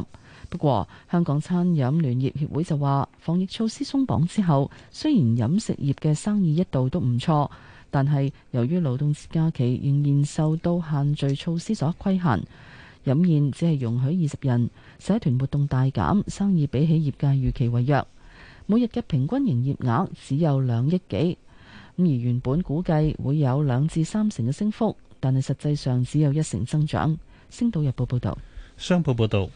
不過，香港餐飲聯業協會就話，防疫措施鬆綁之後，雖然飲食業嘅生意一度都唔錯，但係由於勞動節假期仍然受到限聚措施所規限，飲宴只係容許二十人，社團活動大減，生意比起業界預期為弱，每日嘅平均營業額只有兩億幾。而原本估計會有兩至三成嘅升幅，但係實際上只有一成增長。星島日報報道。商報報道。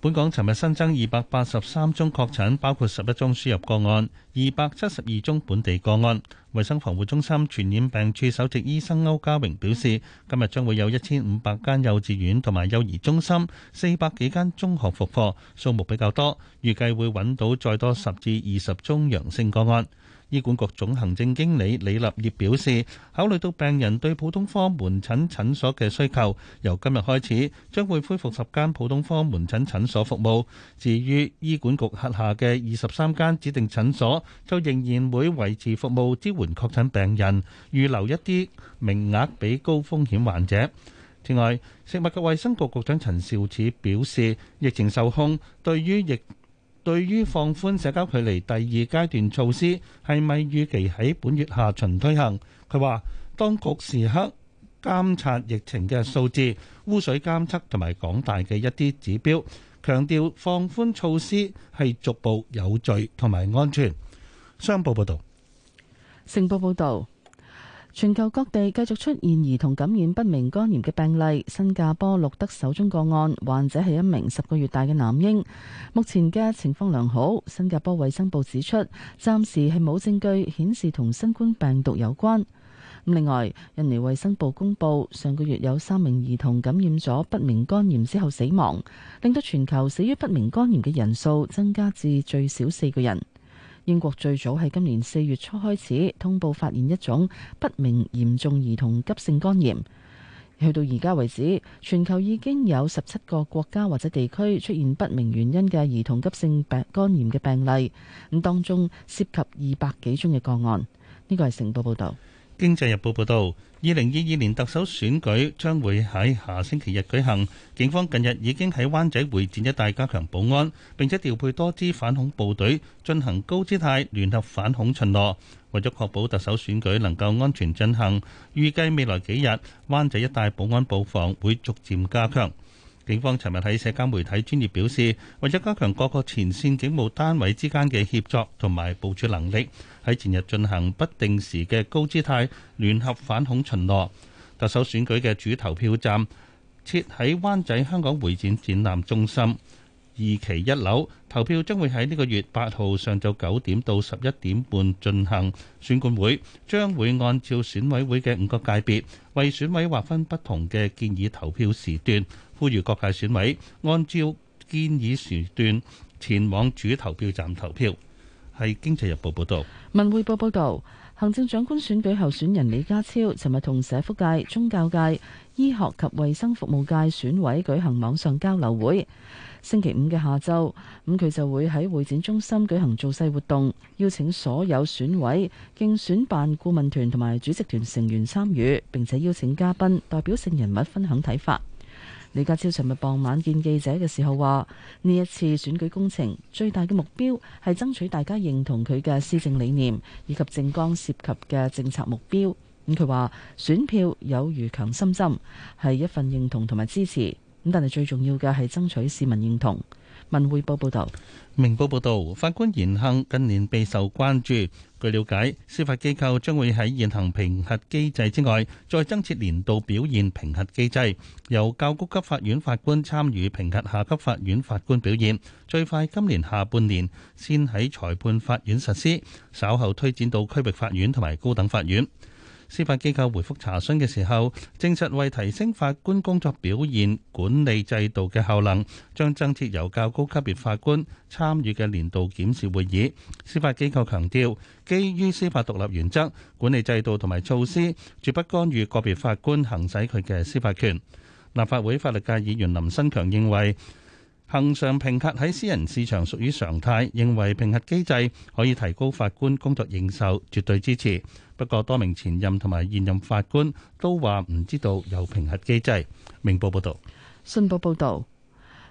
本港尋日新增二百八十三宗確診，包括十一宗輸入個案、二百七十二宗本地個案。衛生防護中心傳染病處首席醫生歐家榮表示，今日將會有一千五百間幼稚園同埋幼兒中心、四百幾間中學復課，數目比較多，預計會揾到再多十至二十宗陽性個案。醫管局總行政經理李立業表示，考慮到病人對普通科門診診所嘅需求，由今日開始將會恢復十間普通科門診診所服務。至於醫管局轄下嘅二十三間指定診所，就仍然會維持服務支援確診病人，預留一啲名額俾高風險患者。此外，食物及衛生局局長陳肇始表示，疫情受控，對於疫對於放寬社交距離第二階段措施係咪預期喺本月下旬推行？佢話當局時刻監察疫情嘅數字、污水監測同埋港大嘅一啲指標，強調放寬措施係逐步有序同埋安全。商報報道。星報報導。全球各地繼續出現兒童感染不明肝炎嘅病例，新加坡錄得首宗個案，患者係一名十個月大嘅男嬰，目前嘅情況良好。新加坡衛生部指出，暫時係冇證據顯示同新冠病毒有關。另外，印尼衛生部公布上個月有三名兒童感染咗不明肝炎之後死亡，令到全球死於不明肝炎嘅人數增加至最少四個人。英國最早喺今年四月初開始通報發現一種不明嚴重兒童急性肝炎，去到而家為止，全球已經有十七個國家或者地區出現不明原因嘅兒童急性病肝炎嘅病例，咁當中涉及二百幾宗嘅個案。呢個係成報報道，《經濟日報》報道。二零二二年特首選舉將會喺下星期日舉行，警方近日已經喺灣仔會展一帶加強保安，並且調配多支反恐部隊進行高姿態聯合反恐巡邏，為咗確保特首選舉能夠安全進行，預計未來幾日灣仔一帶保安佈防會逐漸加強。警方尋日喺社交媒體專頁表示，為咗加強各個前線警務單位之間嘅協作同埋部署能力，喺前日進行不定時嘅高姿態聯合反恐巡邏。特首選舉嘅主投票站設喺灣仔香港會展展覽中心二期一樓，投票將會喺呢個月八號上晝九點到十一點半進行選。選管會將會按照選委會嘅五個界別，為選委劃分不同嘅建議投票時段。呼籲各界選委按照建議時段前往主投票站投票，係《經濟日報》報道，《文匯報》報道，行政長官選舉候選人李家超，尋日同社福界、宗教界、醫學及衛生服務界選委舉行網上交流會，星期五嘅下晝，咁佢就會喺會展中心舉行造勢活動，邀請所有選委、競選辦顧問團同埋主席團成員參與，並且邀請嘉賓、代表性人物分享睇法。李家超尋日傍晚見記者嘅時候話：呢一次選舉工程最大嘅目標係爭取大家認同佢嘅施政理念以及政綱涉及嘅政策目標。咁佢話選票有如強心針，係一份認同同埋支持。咁但係最重要嘅係爭取市民認同。文匯報報道，明報報道，法官言行近年備受關注。據了解，司法機構將會喺現行評核機制之外，再增設年度表現評核機制，由較高級法院法官參與評核下級法院法官表現。最快今年下半年先喺裁判法院實施，稍後推展到區域法院同埋高等法院。司法機構回覆查詢嘅時候，證實為提升法官工作表現管理制度嘅效能，將增設由較高級別法官參與嘅年度檢視會議。司法機構強調，基於司法獨立原則，管理制度同埋措施絕不干預個別法官行使佢嘅司法權。立法會法律界議員林新強認為，恆常評核喺私人市場屬於常態，認為評核機制可以提高法官工作認受，絕對支持。不過，多名前任同埋現任法官都話唔知道有評核機制。明報報道，信報報道，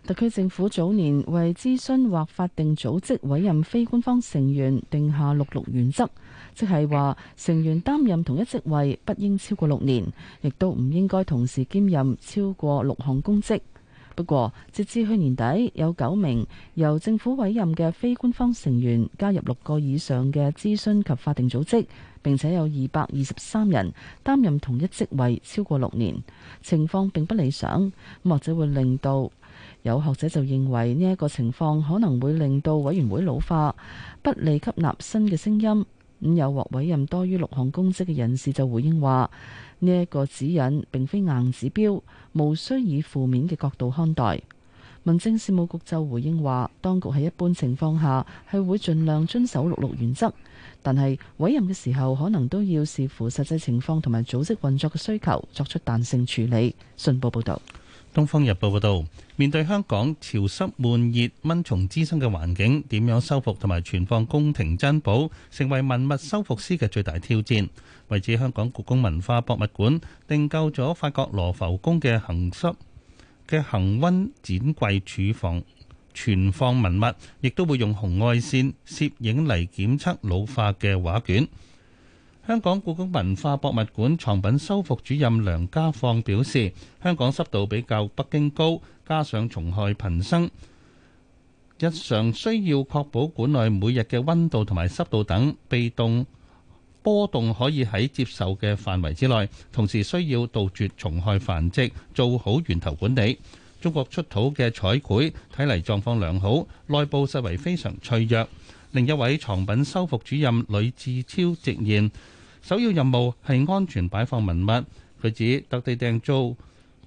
特區政府早年為諮詢或法定組織委任非官方成員定下六六原則，即係話成員擔任同一職位不應超過六年，亦都唔應該同時兼任超過六項公職。不過，截至去年底，有九名由政府委任嘅非官方成員加入六個以上嘅諮詢及法定組織。並且有二百二十三人擔任同一職位超過六年，情況並不理想。或者會令到有學者就認為呢一個情況可能會令到委員會老化，不利吸納新嘅聲音。咁有獲委任多於六項公職嘅人士就回應話：呢一個指引並非硬指標，無需以負面嘅角度看待。民政事務局就回應話：當局喺一般情況下係會盡量遵守六六原則。但係委任嘅時候，可能都要視乎實際情況同埋組織運作嘅需求，作出彈性處理。信報報導，《東方日報》報導，面對香港潮濕悶熱、蚊蟲滋生嘅環境，點樣修復同埋存放宮廷珍寶，成為文物修復師嘅最大挑戰。為此，香港故宮文化博物館訂購咗法國羅浮宮嘅恆濕嘅恆温展櫃儲放。存放文物，亦都會用紅外線攝影嚟檢測老化嘅畫卷。香港故宮文化博物館藏品修復主任梁家放表示，香港濕度比較北京高，加上蟲害頻生，日常需要確保館內每日嘅溫度同埋濕度等被動波動可以喺接受嘅範圍之內，同時需要杜絕蟲害繁殖，做好源頭管理。中國出土嘅彩繪睇嚟狀況良好，內部實為非常脆弱。另一位藏品修復主任呂志超直言，首要任務係安全擺放文物。佢指特地訂造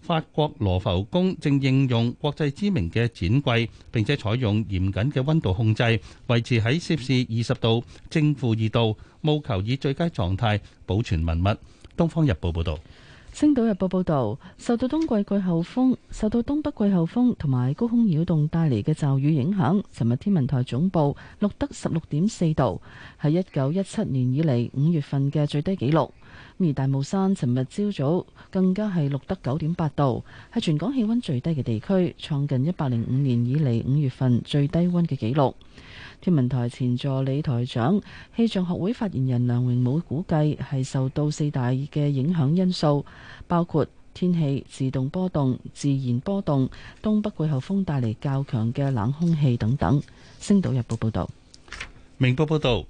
法國羅浮宮正應用國際知名嘅展櫃，並且採用嚴謹嘅溫度控制，維持喺攝氏二十度正負二度，務求以最佳狀態保存文物。《東方日報》報道。星島日報報道，受到冬季季候風、受到東北季候風同埋高空擾動帶嚟嘅驟雨影響，尋日天，天文台總部錄得十六點四度，係一九一七年以嚟五月份嘅最低紀錄。而大帽山尋日朝早更加係錄得九點八度，係全港氣溫最低嘅地區，創近一百零五年以嚟五月份最低温嘅紀錄。天文台前助理台長、氣象學會發言人梁榮武估計，係受到四大嘅影響因素，包括天氣自動波動、自然波動、東北季候風帶嚟較強嘅冷空氣等等。星島日報報道，明報報道。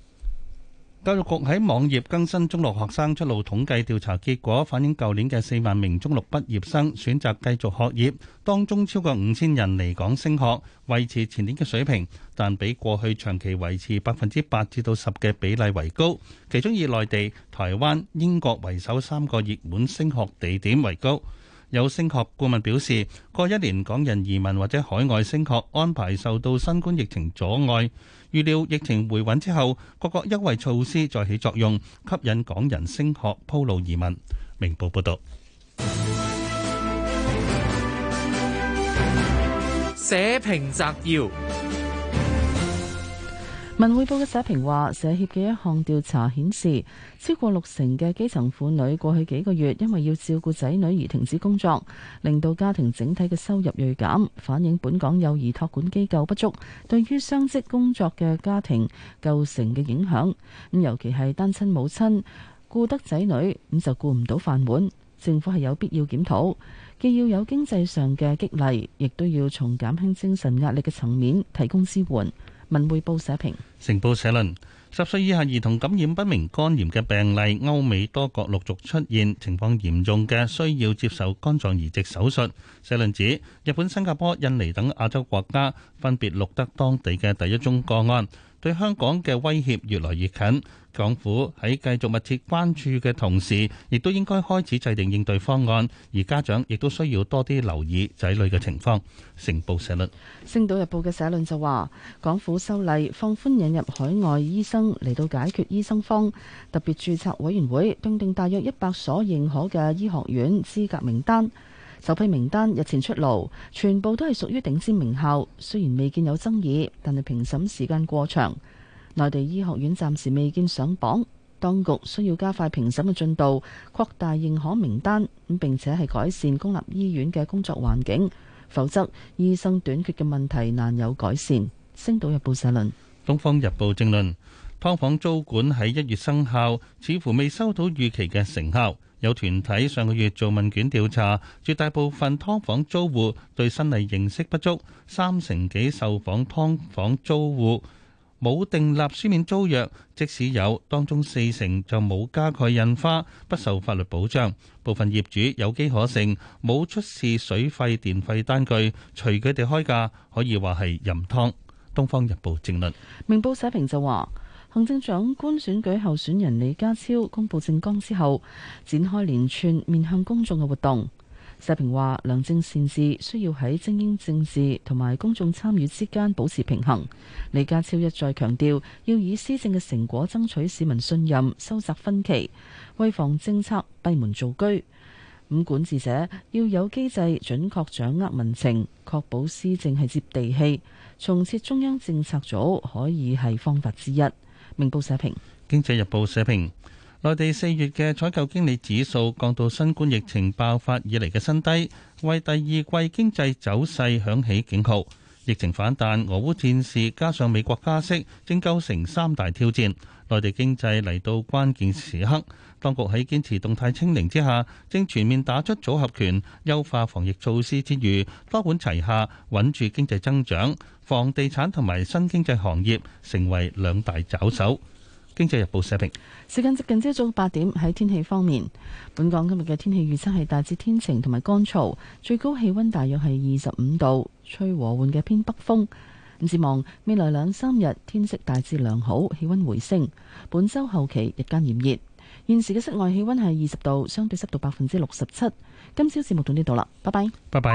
教育局喺網頁更新中六學生出路統計調查結果，反映，舊年嘅四萬名中六畢業生選擇繼續學業，當中超過五千人離港升學，維持前年嘅水平，但比過去長期維持百分之八至到十嘅比例為高。其中以內地、台灣、英國為首三個熱門升學地點為高。有升學顧問表示，過一年港人移民或者海外升學安排受到新冠疫情阻礙。預料疫情回穩之後，各國優惠措施再起作用，吸引港人升學、鋪路移民。明報報導。社評摘要。文匯報嘅社評話，社協嘅一項調查顯示，超過六成嘅基層婦女過去幾個月因為要照顧仔女而停止工作，令到家庭整體嘅收入銳減，反映本港幼兒托管機構不足，對於雙職工作嘅家庭構成嘅影響。咁尤其係單親母親顧得仔女，咁就顧唔到飯碗。政府係有必要檢討，既要有經濟上嘅激勵，亦都要從減輕精神壓力嘅層面提供支援。文匯報社評，成報社論：十歲以下兒童感染不明肝炎嘅病例，歐美多國陸續出現，情況嚴重嘅需要接受肝臟移植手術。社論指，日本、新加坡、印尼等亞洲國家分別錄得當地嘅第一宗個案。對香港嘅威脅越來越近，港府喺繼續密切關注嘅同時，亦都應該開始制定應對方案。而家長亦都需要多啲留意仔女嘅情況。成報社論。星島日報嘅社論就話，港府修例放寬引入海外醫生嚟到解決醫生荒，特別註冊委員會訂定大約一百所認可嘅醫學院資格名單。首批名單日前出爐，全部都係屬於頂尖名校。雖然未見有爭議，但係評審時間過長。內地醫學院暫時未見上榜，當局需要加快評審嘅進度，擴大認可名單，並且係改善公立醫院嘅工作環境。否則，醫生短缺嘅問題難有改善。星島日報社論，《東方日報》正論：劏房租管喺一月生效，似乎未收到預期嘅成效。有團體上個月做問卷調查，絕大部分劏房租戶對新例認識不足，三成幾受訪劏房租戶冇訂立書面租約，即使有，當中四成就冇加蓋印花，不受法律保障。部分業主有機可乘，冇出示水費電費單據，隨佢哋開價，可以話係任劏。《東方日報》正論。明報社評就話。行政長官選舉候選人李家超公布政綱之後，展開連串面向公眾嘅活動。社評話，良政善治需要喺精英政治同埋公眾參與之間保持平衡。李家超一再強調，要以施政嘅成果爭取市民信任，收窄分歧，為防政策閉門造車。五管治者要有機制，準確掌握民情，確保施政係接地氣。重設中央政策組可以係方法之一。明報社評，《經濟日報》社評：內地四月嘅採購經理指數降到新冠疫情爆發以嚟嘅新低，為第二季經濟走勢響起警號。疫情反彈、俄烏戰事加上美國加息，正構成三大挑戰。內地經濟嚟到關鍵時刻。當局喺堅持動態清零之下，正全面打出組合拳，優化防疫措施之餘，多管齊下，穩住經濟增長。房地產同埋新經濟行業成為兩大抓手。經濟日報社評。時間接近朝早八點。喺天氣方面，本港今日嘅天氣預測係大致天晴同埋乾燥，最高氣温大約係二十五度，吹和緩嘅偏北風。展望未來兩三日，天色大致良好，氣温回升。本週後期日間炎熱。現時嘅室外氣溫係二十度，相對濕度百分之六十七。今朝節目到呢度啦，拜拜，拜拜。